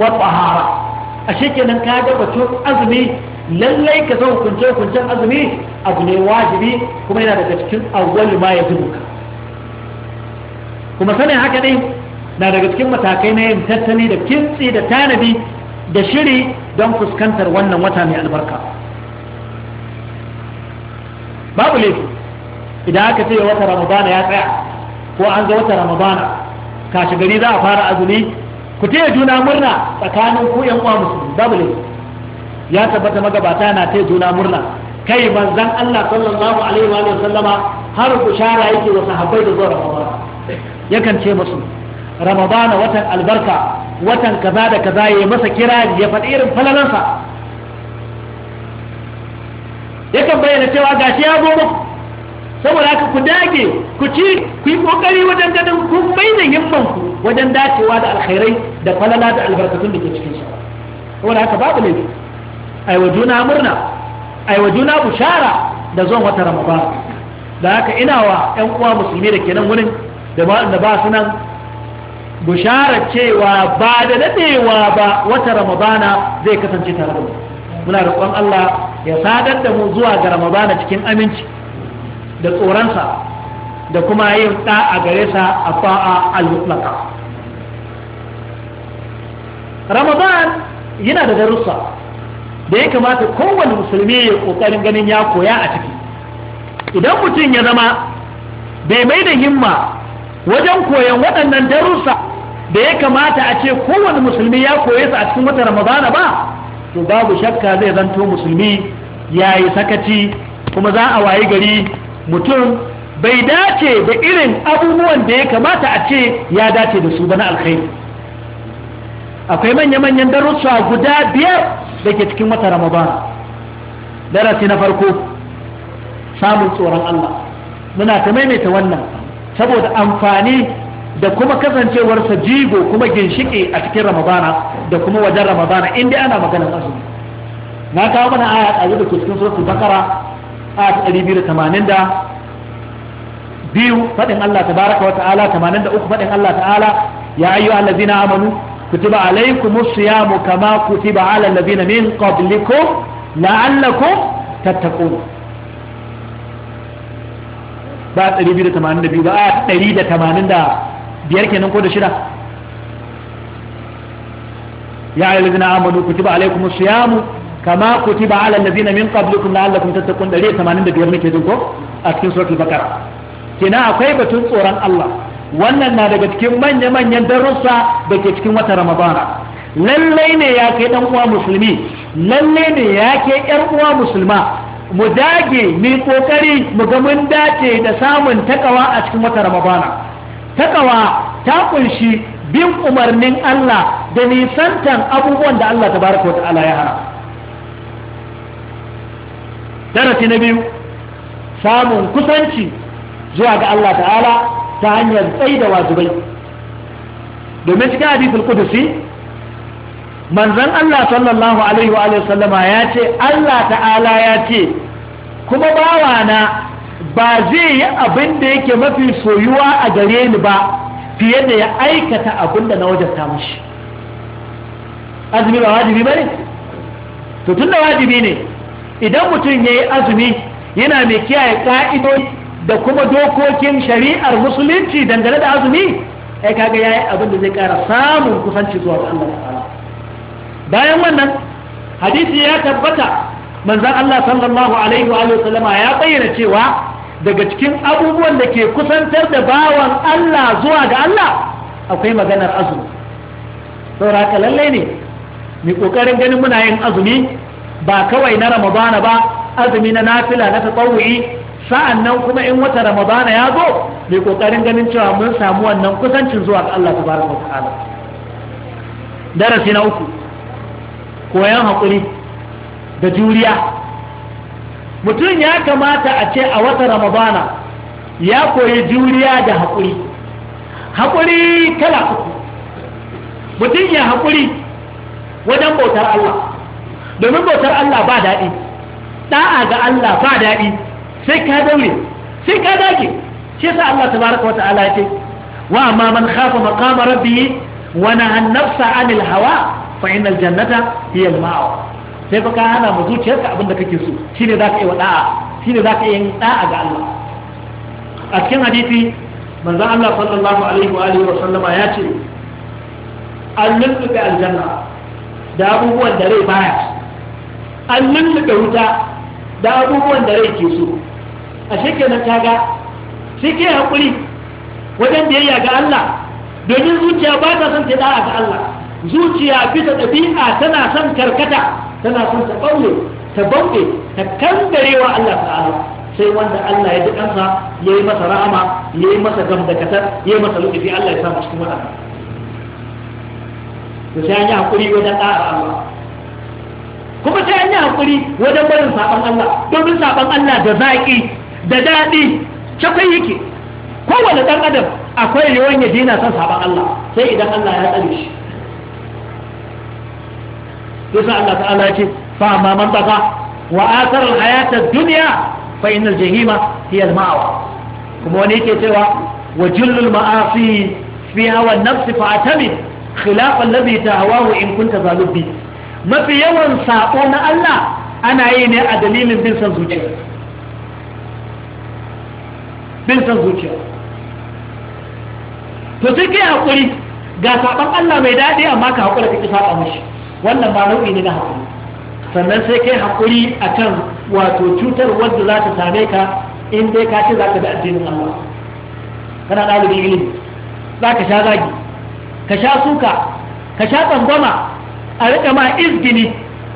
S1: wa tahara ashe kenan ka ga batun azumi lallai ka san hukunce hukuncen azumi abu ne wajibi kuma yana daga cikin awwal ma ya zubuka kuma sanin haka ne na daga cikin matakai na yin tattali da kintsi da tanadi da shiri don fuskantar wannan wata mai albarka babu laifi idan aka ce wata ramadana ya tsaya ko an ga wata ramadana kashi gari za a fara azumi ku taya juna murna tsakanin ku yan uwa musulmi babu laifi ya tabbata magabata na ta juna murna kai manzan Allah sallallahu alaihi wa sallama har bushara yake wa sahabbai da zuwa Ramadan yakan ce musu Ramadan watan albarka watan kaza da kaza ya masa kirari ya faɗi irin falalansa yakan bayyana cewa gashi ya zo saboda haka ku dage ku ci ku yi kokari wajen ganin kun mai da himman ku wajen dacewa da alkhairai da falala da albarkatun da ke cikin shi saboda haka babu laifi ai juna murna ai juna bushara da zuwan wata ramadan da haka ina wa ƴan uwa musulmi da ke nan wurin da ba ba su nan bushara cewa ba da dadewa ba wata ramadana zai kasance tare da mu muna roƙon Allah ya sadar da mu zuwa ga ramadana cikin aminci da tsoronsa da kuma yin ɗa a gare sa a fa'a al ramadan yana da darussa da ya kamata kowane musulmi ya kokarin ganin ya koya a ciki idan mutum ya zama bai mai da himma wajen koyan waɗannan darussa da ya kamata a ce kowane musulmi ya koye su a cikin wata ramadana ba to babu shakka zai zanto musulmi ya yi sakaci kuma za a wayi gari mutum bai dace da irin abubuwan da ya kamata a ce ya dace da su ba na alkhairi akwai manya-manyan darussa guda biyar da ke cikin wata ramadan darasi na farko samun tsoron Allah muna ta maimaita wannan saboda amfani da kuma kasancewarsa jigo kuma ginshiƙi a cikin ramadana da kuma wajen ramadana dai ana maganar azumi na kawo mana aya a da ke cikin suratul bakara aya ta ɗari biyu faɗin Allah baraka wa ta'ala uku faɗin Allah ta'ala ya ayyuhallazina amanu كتب عليكم الصيام كما كتب على الذين من قبلكم لعلكم تتقون بعد ربيد تمانين بيو بعد ربيد تمانين دا بيارك ينمكو دا شرا يا أيها الذين آمنوا كتب عليكم الصيام كما كتب على الذين من قبلكم لعلكم تتقون دا ليه تمانين دا بيارك ينمكو أتكين سورة البقرة كنا أقيبة تنصوران الله wannan na daga cikin manya-manyan darussa da ke cikin wata ramadana lallai ne ya ke dan uwa musulmi lallai ne ya ke yar uwa musulma mu dage mu kokari mu ga mun dace da samun takawa a cikin wata ramadana takawa ta kunshi bin umarnin Allah da nisantan abubuwan da Allah tabaraka wa ta'ala ya hana darasi na biyu samun kusanci zuwa ga Allah ta'ala ta hanyar tsaye da wajibai domin cikin hadisul kudusi manzon Allah sallallahu alaihi wa sallama ya ce Allah ta'ala ya ce kuma bawana ba zai yi abin da yake mafi soyuwa a gare ni ba fiye da ya aikata abin da na wajabta mashi azumi ba wajibi ba ne? to tun da wajibi ne idan mutum ya yi azumi yana mai kiyaye ƙa'idoi da kuma dokokin shari'ar musulunci dangane da azumi ai kaga yayi abin da zai kara samun kusanci zuwa ga Allah ta'ala bayan wannan hadisi ya tabbata manzon Allah sallallahu alaihi wa sallama ya bayyana cewa daga cikin abubuwan da ke kusantar da bawan Allah zuwa ga Allah akwai maganar azumi saboda lallai ne mu kokarin ganin muna yin azumi ba kawai na Ramadana ba azumi na nafila na tsawuyi sa'an nan kuma in wata ramadana ya zo mai ƙoƙarin ganin cewa mun samu wannan kusancin zuwa ga Allah tabaraka ta'ala darasi na uku koyon hakuri da juriya mutum ya kamata a ce a wata ramadana ya koyi juriya da hakuri haƙuri kala uku mutum ya hakuri wajen bautar Allah domin bautar Allah ba daɗi ɗa'a ga Allah ba daɗi sai ka daure sai ka dage shi yasa Allah tabaraka wa ta'ala ya ce wa amma man khafa maqama rabbih wa nahan nafsa 'anil hawa fa innal jannata hiya al-ma'wa sai fa ka hana mu zuciyarka abinda da kake so shine zaka yi wa da'a shine zaka yi da'a ga Allah a cikin hadisi manzon Allah sallallahu alaihi wa alihi wa sallama ya ce an Al-janna da abubuwan da rai baya an lulluɓe wuta da abubuwan da rai ke so a shekenan kaga sai ke haƙuri wajen biyayya ga Allah domin zuciya ba ta son ta da'a ga Allah zuciya bisa ɗabi'a tana son karkata tana son ta ɓaure ta bauɗe ta kangarewa Allah ta'ala sai wanda Allah ya ji ɗansa, ya yi masa rahama ya yi masa gamdakatar ya yi masa lukifi, Allah ya sa masu kuma da. to sai an yi haƙuri wajen ɗa'a Allah kuma sai an yi haƙuri wajen barin saɓan Allah domin saɓan Allah da zaƙi da daɗi kai yake kowane ɗan adam akwai yawan ya dina son sabon Allah sai idan Allah ya tsare shi yasa Allah ta'ala ya ce fa amma man baka wa asar hayata dunya fa innal jahima hiya al-ma'wa kuma wani yake cewa wa jullul ma'asi fi hawa an-nafs fa atami khilaf alladhi tahawahu in kunta zalubi mafi yawan sako na Allah ana yi ne a dalilin bin san zuciya bin san zuciya to sai kai hakuri ga sabon Allah mai dadi amma ka hakura kake saba mishi wannan ba nau'i ne na hakuri sannan sai kai hakuri akan wato cutar wanda za ta same ka in dai ka ce za ka bi addinin Allah kana ɗalibin ilimi za ka sha zagi ka sha suka ka sha tsangwama a rika ma izgini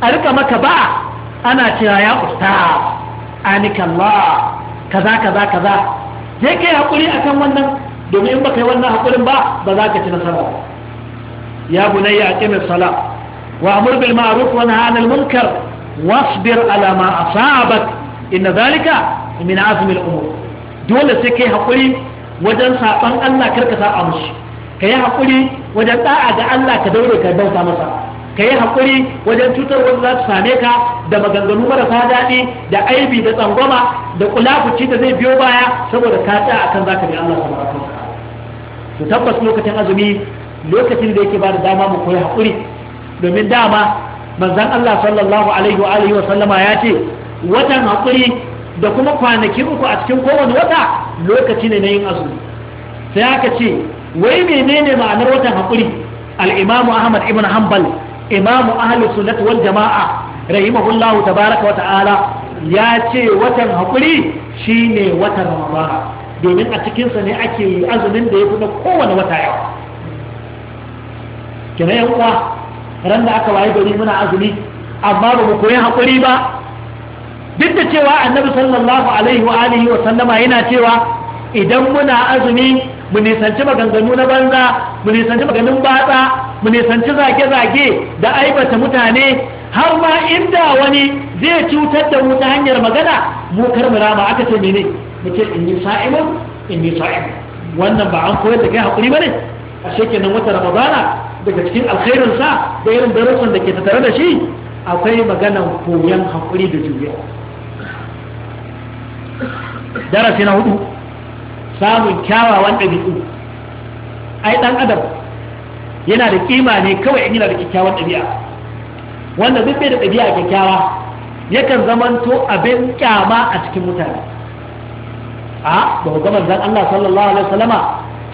S1: a rika maka ba, ana cewa ya usta anikallah kaza kaza kaza sai kai hakuri akan wannan domin in baka yi wannan hakurin ba ba za ka ci nasara ya bunayya aqimi salat wa amur bil ma'ruf wa nahy 'anil munkar wasbir ala ma asabak inna zalika min azmi al umur dole sai kai hakuri wajen saban Allah karka sa amshi kai hakuri wajen da'a ga Allah ka daure ka bauta masa ka yi haƙuri wajen cutar wanda za su same ka da maganganu marasa daɗi da aibi da tsangwama da kulafuci da zai biyo baya saboda ka tsaya akan za ka bi Allah subhanahu wa to tabbas lokacin azumi lokacin da yake ba da dama mu koyi haƙuri domin dama manzon Allah sallallahu alaihi wa sallama ya ce watan haƙuri da kuma kwanaki uku a cikin kowane wata lokaci ne na yin azumi sai aka ce wai menene ma'anar watan haƙuri al-imamu Ahmad ibn Hanbal imamu ahli sunnat wal jama'a rahimahullahu tabaraka wa ta'ala ya ce watan hakuri shine watan ramadana domin a cikinsa ne ake yi azumin da ya fi na kowane wata yawa kina yan uwa ran da aka waye gari muna azumi amma ba mu koyi hakuri ba duk da cewa annabi sallallahu alaihi wa alihi wa sallama yana cewa idan muna azumi mu nisanci maganganu na banza mu nisanci maganganun batsa mu nisanci zage-zage da aibata mutane har ma inda wani zai cutar da mu ta hanyar magana mu mu rama aka ce mene muke inni sa'imun yi sa'imun wannan ba an koyar da kai hakuri bane a shekenan wata ramadana daga cikin alkhairin sa da irin darussan da ke tattare da shi akwai maganan koyan hakuri da juriya darasi na hudu samun kyawawan ɗabi'u ai ɗan adam yana da kima ne kawai in yana da kyakkyawan ɗabi'a wanda duk bai da ɗabi'a kyakkyawa yakan zamanto abin kyama a cikin mutane a ba ku gaban zan Allah sallallahu alaihi wasallama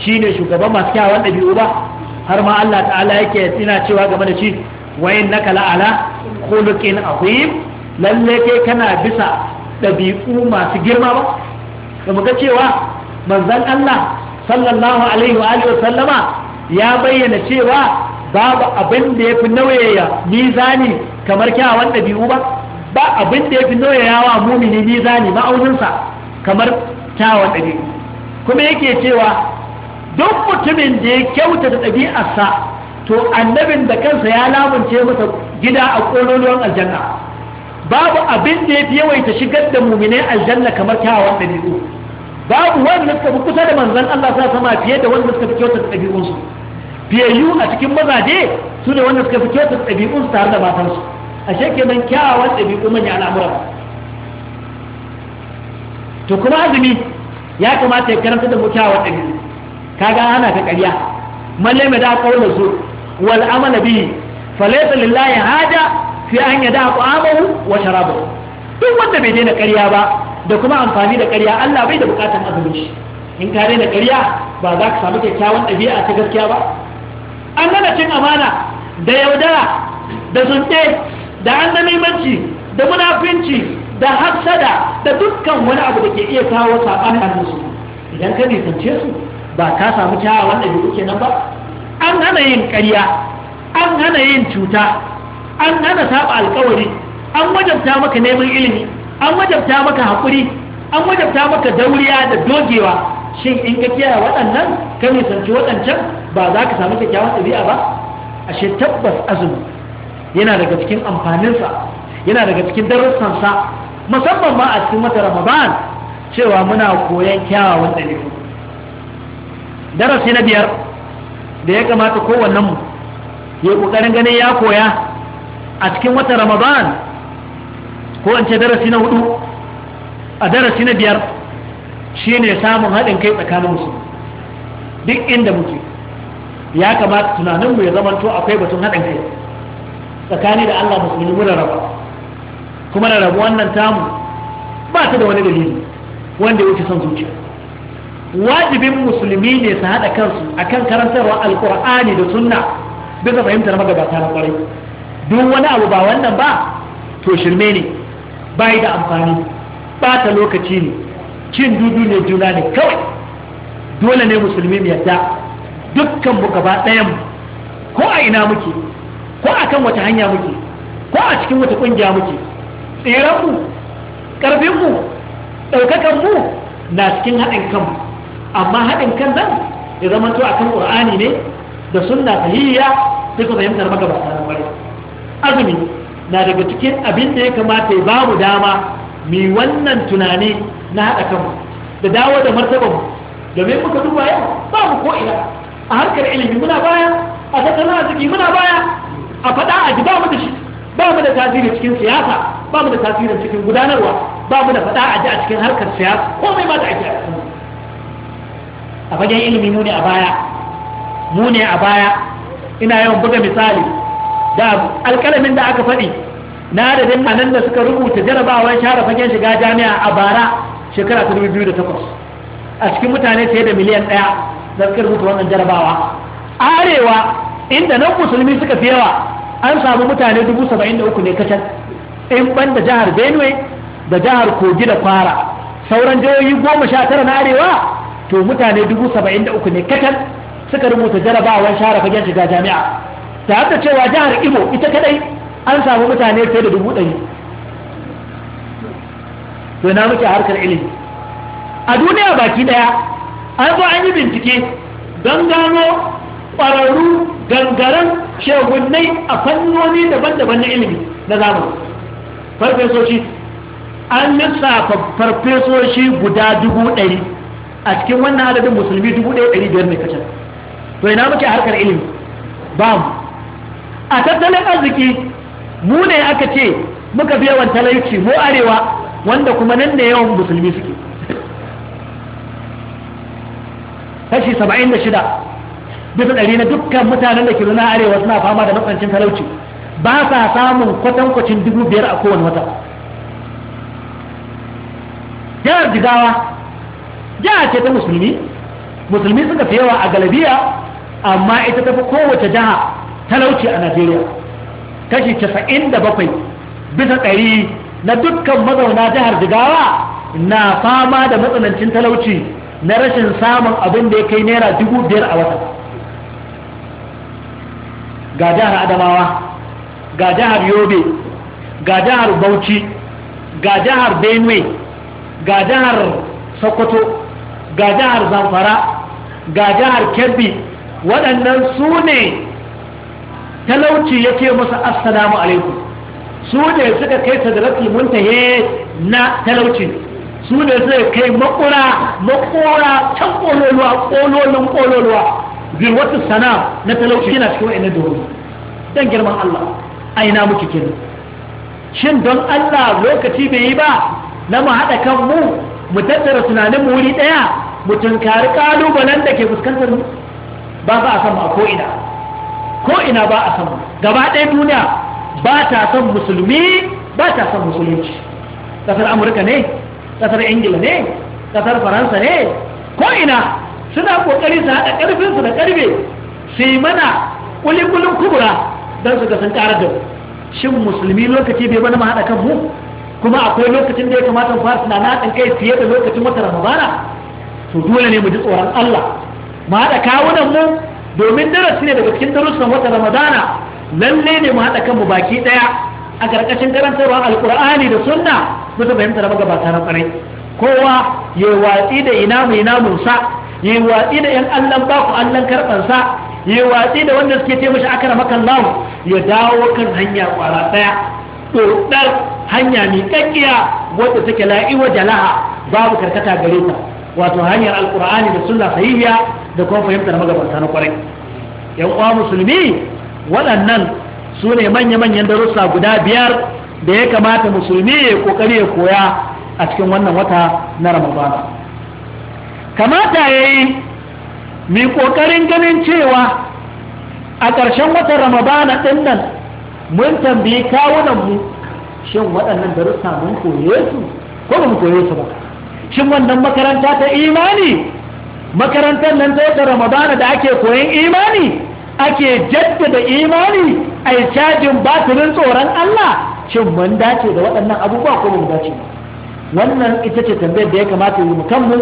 S1: shine shugaban masu kyawawan ɗabi'u ba har ma Allah ta'ala yake tsina cewa game da shi wayin naka la'ala khuluqin azim lalle kai kana bisa ɗabi'u masu girma ba da muka cewa manzon Allah sallallahu alaihi wa alihi ya bayyana cewa babu abin da ya fi nauyaya nizani kamar kyawawan ɗabi'u ba ba abin da ya fi nauyaya wa mumini nizani ma'auninsa kamar kyawawan ɗabi'u kuma yake cewa duk mutumin da ya kyauta da ɗabi'arsa to annabin da kansa ya lamunce masa gida a ƙololuwan aljanna babu abin da ya fi yawaita shigar da muminai aljanna kamar kyawawan ɗabi'u babu wanda suka fi kusa da manzon Allah sa sama fiye da wanda suka fi kyautar ɗabi'unsu fiyayyu a cikin mazaje su ne wanda suka fi kyautar ɗabi'unsu tare da matansu a shekke nan kyawawan ɗabi'u manya al'amuran to kuma azumi ya kamata ya karanta da mu kyawawan ɗabi'u kaga ana ta ƙarya malle mai da kaula su wal amana bihi falaysa lillahi haja fi an yada qamahu wa sharabahu duk wanda bai daina ƙarya ba da kuma amfani da ƙarya Allah bai da buƙatar azumin shi in ka daina ƙarya ba za ka samu kyakkyawan ɗabi'a ta gaskiya ba an gana cin amana da yaudara da sunɗe da an zamimanci da munafinci da hafsada da dukkan wani abu da ke iya kawo saɓanin musu idan ka nisance su ba ka samu kyawawan ɗabi'u kenan ba an hana yin ƙarya an hana yin cuta an hana saɓa alƙawari. an wajabta maka neman ilimi an wajabta maka haƙuri an wajabta maka dauriya da dogewa shin in ka kiyaye waɗannan ka nisanci waɗancan ba za ka samu kyakkyawan ɗabi'a ba ashe tabbas azumi yana daga cikin amfaninsa yana daga cikin darussansa musamman ma a cikin wata ramadan cewa muna koyon kyawawan ɗabi'u darasi na biyar da ya kamata kowannenmu ya ƙoƙarin ganin ya koya a cikin wata ramadan ko an ce darasi na hudu a darasi na biyar shine samun haɗin kai tsakanin musu duk inda muke ya kamata tunaninmu ya zamanto akwai batun haɗin kai tsakani da Allah musulmi muna raba kuma da rabu wannan tamu ba ta da wani dalili wanda ya son zuciya wajibin musulmi ne su haɗa kansu akan karantarwa alkur'ani da sunna bisa fahimtar magabata na kwarai duk wani abu ba wannan ba to shirme ne bai da amfani bata lokaci ne cin dudu ne juna ne kawai dole ne musulmi mu yadda dukkan mu gaba ɗayan ko a ina muke ko a kan wata hanya muke ko a cikin wata ƙungiya muke tseren mu ƙarfin mu ɗaukakan mu na cikin haɗin kan amma haɗin kan nan ya zama to akan ƙur'ani ne da sunna tahiyya duka fahimtar magabata na ƙwarai azumi na daga cikin abin da ya kamata ya bamu dama mi wannan tunani na haɗa kanmu da dawo da martabanmu domin muka duba yau ba mu ko ina a harkar ilimi muna baya a tattalin arziki muna baya a faɗa a ji bamu da shi Bamu da tasiri cikin siyasa Bamu da tasiri cikin gudanarwa Bamu da faɗa a ji a cikin harkar siyasa komai ba da ake a cikin a fagen ilimi mu ne a baya mu ne a baya ina yawan buga misali da alƙalamin da aka faɗi na da nan da suka rubuta jarabawar share fagen shiga jami'a a bara shekara ta 2008 a cikin mutane sai da miliyan ɗaya da suka rubuta wannan jarabawa arewa inda nan musulmi suka fi yawa an samu mutane 73 ne kacal in ban da jihar benue da jihar kogi da kwara sauran jihohi goma sha tara na arewa to mutane 73 ne kacal suka rubuta jarabawar share fagen shiga jami'a ta da cewa jihar Ibo ita kadai an samu mutane fiye da dubu ɗari to na muke harkar ilimi a duniya baki ɗaya an zo an yi bincike don gano ƙwararru gangaren shegunnai a fannoni daban-daban na ilimi na zamani farfesoshi an lissafa farfesoshi guda dubu ɗari a cikin wannan adadin musulmi dubu ɗaya ɗari biyar mai kacal to ina muke harkar ilimi ba mu a tattalin arziki mu ne aka ce muka fi yawan talauci mu arewa wanda kuma nan da yawan musulmi suke kashi saba'in da shida bisa ɗari na dukkan mutanen da ke nuna arewa suna fama da matsanancin talauci ba sa samun kwatankwacin dubu biyar a kowane wata jihar Jigawa, jiha ce ta musulmi musulmi suka fi yawa a galabiya amma ita ta fi kowace jiha talauci a najeriya kashi 97 bisa ɗari na dukkan mazauna jihar jigawa na fama da matsanancin talauci na rashin samun abin da ya kai naira dubu biyar a wata ga jihar adamawa ga jihar yobe ga jihar bauchi ga jihar benue ga jihar sokoto ga jihar zamfara ga jihar kebbi waɗannan su ne talauci ya ce masa assalamu alaikum su ne suka kai sadratul muntahe na talauci su ne suka kai makura makura can kololuwa kololin kololuwa wata sana na talauci yana cikin na domin dan girman Allah a ina muke kenan shin don Allah lokaci bai yi ba na mu haɗa kan mu mu tattara tunanin mu wuri ɗaya mu tunkari ƙalubalen da ke fuskantar mu ba za a san ma ko ina ko ina ba a sama, gaba ɗaya duniya ba ta son musulmi ba ta son musulunci ƙasar amurka ne ƙasar ingila ne ƙasar faransa ne ko ina suna ƙoƙari su haɗa ƙarfinsu da ƙarfe su yi mana ƙulikulin kubura don su ga ƙarar da shin musulmi lokaci bai bana ma haɗa kan mu kuma akwai lokacin da ya kamata mu fara tunanin haɗin kai fiye da lokacin wata ramadana to dole ne mu ji tsoron Allah mu haɗa kawunan mu domin darasi ne daga cikin darussan wata ramadana lalle ne mu haɗa kanmu baki ɗaya a ƙarƙashin karantarwa alƙur'ani da sunna mu ta fahimta da magabata ƙwarai kowa ya watsi da ina mu ina sa, ya watsi da yan allan baku allan sa, ya watsi da wanda suke taimashi akara makan lahu ya dawo kan hanya ƙwara ɗaya ɗoɗar hanya miƙaƙƙiya wadda take la'iwa jalaha babu karkata gare ta wato hanyar alkur'ani da sunna sahihiya da kuma fahimtar magabarta na kwarai yan uwa musulmi waɗannan su ne manya-manyan darussa guda biyar da ya kamata musulmi ya kokari ya koya a cikin wannan wata na ramadana kamata ya yi mai kokarin ganin cewa a ƙarshen watan ramadana ɗin nan mun tambayi kawunanmu shin waɗannan darussa mun koye su ko ba mu koye su ba shin wannan makaranta ta imani makarantar nan ta wata ramadana da ake koyan imani ake jaddada imani a cajin batirin tsoron Allah shin mun dace da waɗannan abubuwa ko mun dace wannan ita ce tambayar da ya kamata yi kanmu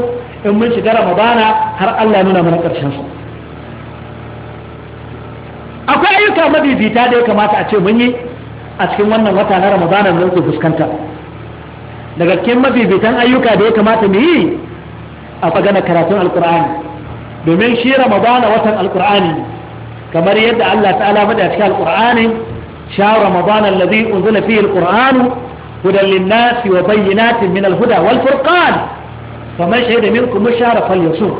S1: in mun shiga ramadana har Allah nuna mana ƙarshen su akwai ayyuka mabibita da ya kamata a ce mun yi a cikin wannan wata na ramadana da muke fuskanta daga cikin bitan ayyuka da ya kamata mu yi a fagana karatun alkur'ani domin shi ramadana watan alkur'ani kamar yadda Allah ta'ala faɗa cikin alkur'ani sha ramadana alladhi unzila fihi alqur'anu hudan lin-nasi wa bayyinatin min al-huda wal furqan faman shahida minkum shahra falyasum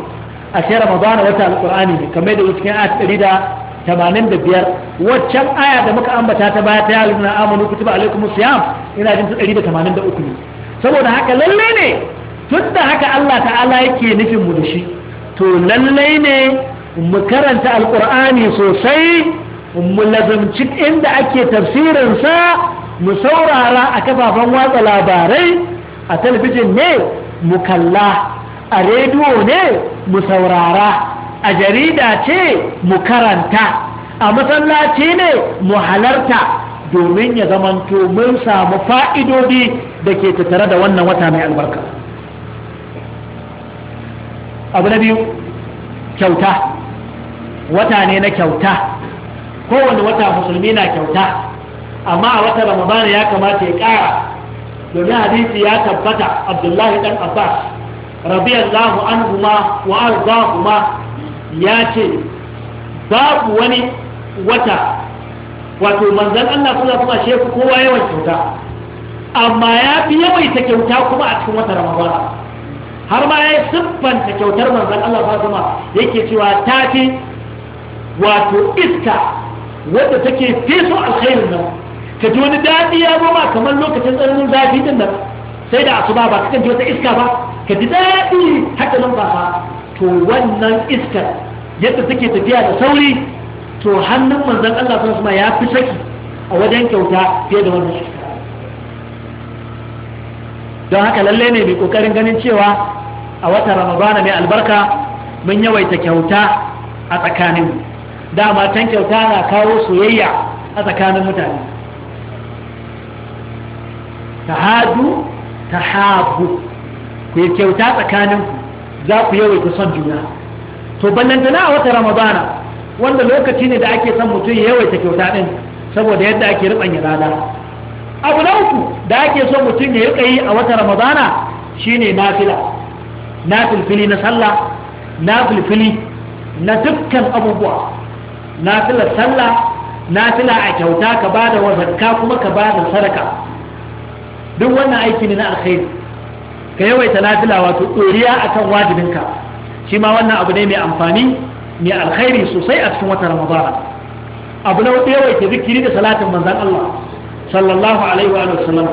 S1: a shi ramadana watan alkur'ani kamar yadda cikin ayat 85 waccan aya da muka ambata ta baya ta yi aluna amonu kutuba alaikum siyam ina jin 183 ne saboda haka lalle ne tun da haka Allah ta'ala yake nufin mu da shi to lalle ne mu karanta alkur'ani sosai mu lazumci inda ake tafsirin sa mu saurara a kafafen watsa labarai a talabijin ne mu kalla a rediyo ne mu saurara a jarida ce mu karanta a masallaci ne mu halarta domin ya zamanto mun samu fa'idodi da ke tattare da wannan wata mai albarka abu na biyu kyauta wata ne na kyauta kowane wata musulmi na kyauta amma a wata ramadana ya kamata ya ƙara domin hadisi ya tabbata abdullahi dan abbas rabiyallahu anhuma wa arzahuma ya ce babu wani wata wato manzan Allah suna kuma shi kowa yawan kyauta amma ya fi yawaita kyauta kuma a cikin wata ramadana har ma ya siffanta kyautar manzan Allah suna kuma yake cewa ta fi wato iska wadda take feso alkhairin nan ka ji wani daɗi ya goma kamar lokacin tsananin zafi din nan sai da asuba ba kakan ji wata iska ba ka ji daɗi haka nan ba to wannan iskar yadda take tafiya da sauri to hannun manzan Allah sun ya fi saki a wajen kyauta fiye da wannan don haka lalle ne mai kokarin ganin cewa a wata ramadana mai albarka mun yawaita kyauta a tsakanin dama can kyauta na kawo soyayya a tsakanin mutane Ta ta tahabu ku yi kyauta tsakaninku za ku yawaita son juna to ballantana a wata ramadana wanda lokaci ne da ake son mutum ya yawaita kyauta din saboda yadda ake rubanya lada abu na uku da ake so mutum ya riƙa yi a wata ramadana shine nafila nafilfili na sallah nafilfili na dukkan abubuwa nafila sallah nafila a kyauta ka bada da zakka kuma ka da sadaka duk wannan aiki ne na alkhairi ka yawaita nafila wato ɗoriya akan wajibinka shi ma wannan abu ne mai amfani mai alkhairi sosai a cikin watan ramadana abu na yawai ke zikiri da salatin manzan Allah sallallahu alaihi wa sallam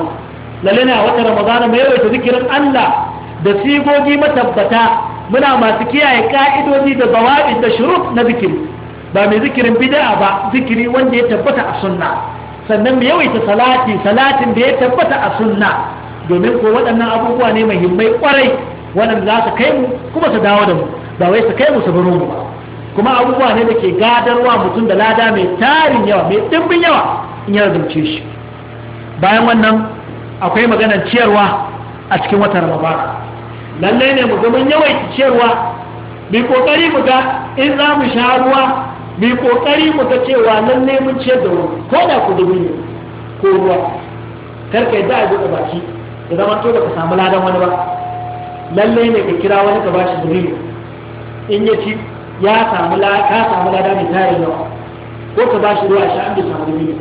S1: lalle watan ramadana mai yawai zikirin Allah da sigogi matabbata muna masu kiyaye ƙa'idodi da zawabin da shuruf na zikiri ba mai zikirin bid'a ba zikiri wanda ya tabbata a sunna sannan mai yawaita salati salatin da ya tabbata a sunna domin ko waɗannan abubuwa ne muhimmai kwarai waɗanda za su kai mu kuma su dawo da mu ba wai su kai mu su baro mu ba kuma abubuwa ne da ke gadarwa mutum da lada mai tarin yawa mai dimbin yawa in ya rubuce shi bayan wannan akwai maganar ciyarwa a cikin watan ramadan lallai ne mu zama yawaita ciyarwa bi kokari mu ga in za mu sha ruwa bi kokari mu ga cewa lallai mun ciyar da ruwa ko da ku dubu ne ko ruwa yi da a da baki da zama to ka samu ladan wani ba lallai ne ka kira wani ka bashi zuri in ya ci ya samu ka samu lada mai tarin yawa ko ka ba shi ruwa sha an bi samu rubi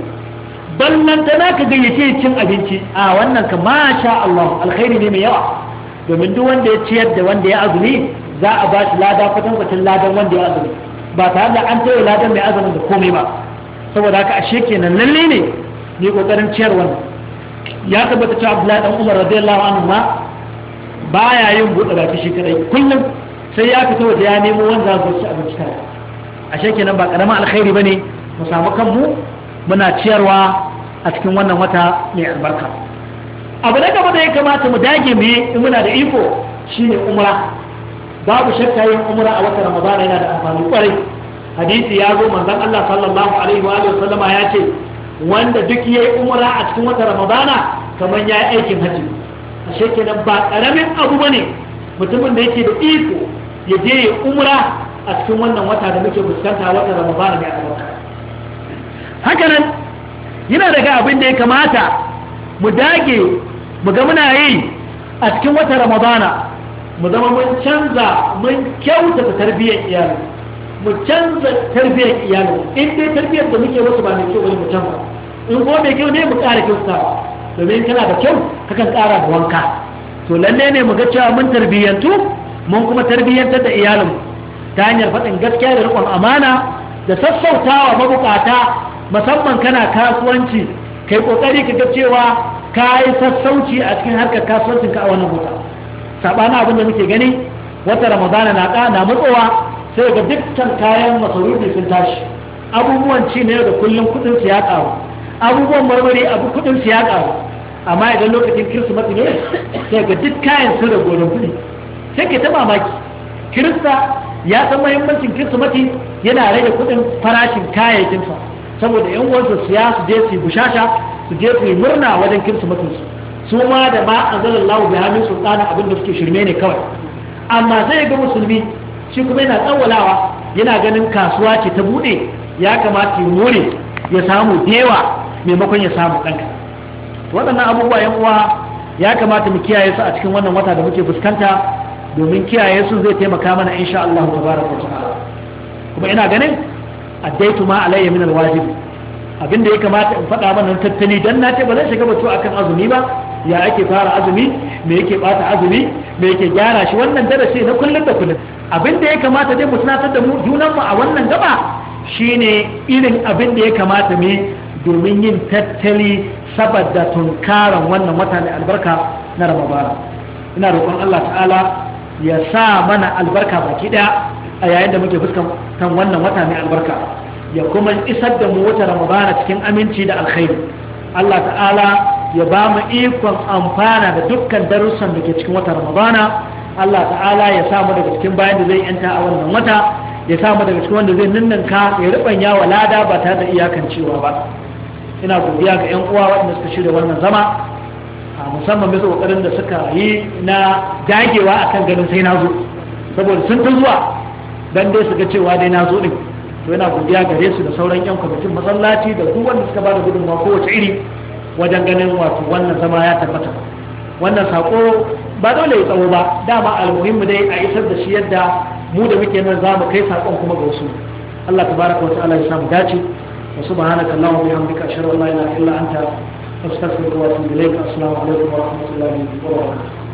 S1: ballan ta na ka gayyace cin abinci a wannan ka masha Allah alkhairi ne mai yawa domin duk wanda ya ciyar da wanda ya azumi za a ba shi lada kwatankwacin ladan wanda ya azumi ba tare da an tsaye ladan mai azumin da komai ba saboda haka ashe kenan lalle ne ni kokarin ciyar wannan ya tabbata cewa Abdullahi dan Umar radiyallahu anhu ma baya yin buɗe baki shi kadai kullum sai ya fita waje ya nemo wanda za su ci abinci tare ashe kenan ba karamin alkhairi bane mu samu kanmu muna ciyarwa a cikin wannan wata mai albarka abu na gaba da ya kamata mu dage mu in muna da iko shine umra babu shakka yin umra a watan ramadana yana da amfani kwarai hadisi ya zo manzon Allah sallallahu alaihi wa sallama ya ce wanda duk yayi umra a cikin watan ramadana kamar ya yi aikin hajji ashe kenan ba karamin abu bane mutumin da yake da iko ya je ya umra a cikin wannan wata da muke fuskanta wata ramadan mai albarka haka nan yana daga abin da ya kamata mu dage mu ga muna yi a cikin wata ramadana mu zama mun canza mun ta tarbiyyar iyali mu canza tarbiyyar iyali in dai tarbiyyar da muke wasu ba mai kyau wani mu canza in ko mai kyau ne mu ƙara kyautata domin kana da kyau kakan ƙara da wanka to lalle ne mu ga cewa mun tarbiyyantu mun kuma tarbiyyantar da iyalin ta hanyar faɗin gaskiya da riƙon amana da sassautawa mabukata musamman kana kasuwanci kai kokari ka ga cewa ka yi sassauci a cikin harkar kasuwancin ka a wannan hoto sabana abin da muke gani wata ramadana na ka na matsowa sai ga dukkan kayan masarufi sun tashi abubuwan ci ne da kullun kudin su ya karu abubuwan marmari abu kudin su ya karu amma idan lokacin kirsimeti ne sai ga duk kayan sun da gorin kuɗi sai ka ta mamaki kirista ya san mahimmancin kirsimati yana rage kuɗin farashin kayayyakin kayayyakinsa saboda yan uwansa siya su je su bushasha su je su murna wajen kirsimatinsu su ma da ma anzalallahu bi hamin sultana abin da suke shirme ne kawai amma zai ga musulmi shi kuma yana tsawalawa yana ganin kasuwa ce ta bude ya kamata ya more ya samu dewa maimakon ya samu ɗanka waɗannan abubuwa yan uwa ya kamata mu kiyaye su a cikin wannan wata da muke fuskanta domin kiyaye su zai taimaka mana sha Allah tabaraka ta kuma ina ganin addaitu ma alayya min alwajib da ya kamata in faɗa mana tattali dan na ce ba zan shiga batu akan azumi ba ya ake fara azumi me yake bata azumi me yake gyara shi wannan darasi na kullum da kullum da ya kamata dai mu tunatar da mu junan mu a wannan gaba shine irin abin da ya kamata mu domin yin tattali saboda tunkaran wannan wata albarka na Ramadan ina roƙon Allah ta'ala ya sa mana albarka baki daya a yayin da muke fuskantar wannan wata mai albarka ya kuma isar da mu wata ramadana cikin aminci da alkhairi Allah ta'ala ya ba mu ikon amfana da dukkan darussan da ke cikin wata ramadana Allah ta'ala ya sa mu daga cikin bayan da zai yanta a wannan wata ya sa mu daga cikin wanda zai ninninka ya rubanya wa lada ba tare da iyakancewa ba ina godiya ga 'yan uwa waɗanda suka shirya wannan zama musamman bisa kokarin da suka yi na dagewa akan ganin sai na zo saboda sun ta zuwa dan dai su ga cewa dai na zo din to yana godiya gare su da sauran yan kwamitin masallaci da duk wanda suka bada gudunmawa kowace iri wajen ganin wato wannan zama ya tabbata wannan sako ba dole ya tsawo ba dama almuhimmi dai a isar da shi yadda mu da muke nan za mu kai sakon kuma ga wasu Allah tabaraka wa ta'ala ya samu dace wasu subhanaka allahumma wa bihamdika ashhadu an la ilaha illa anta أستغفر الله لكم السلام عليكم ورحمة الله وبركاته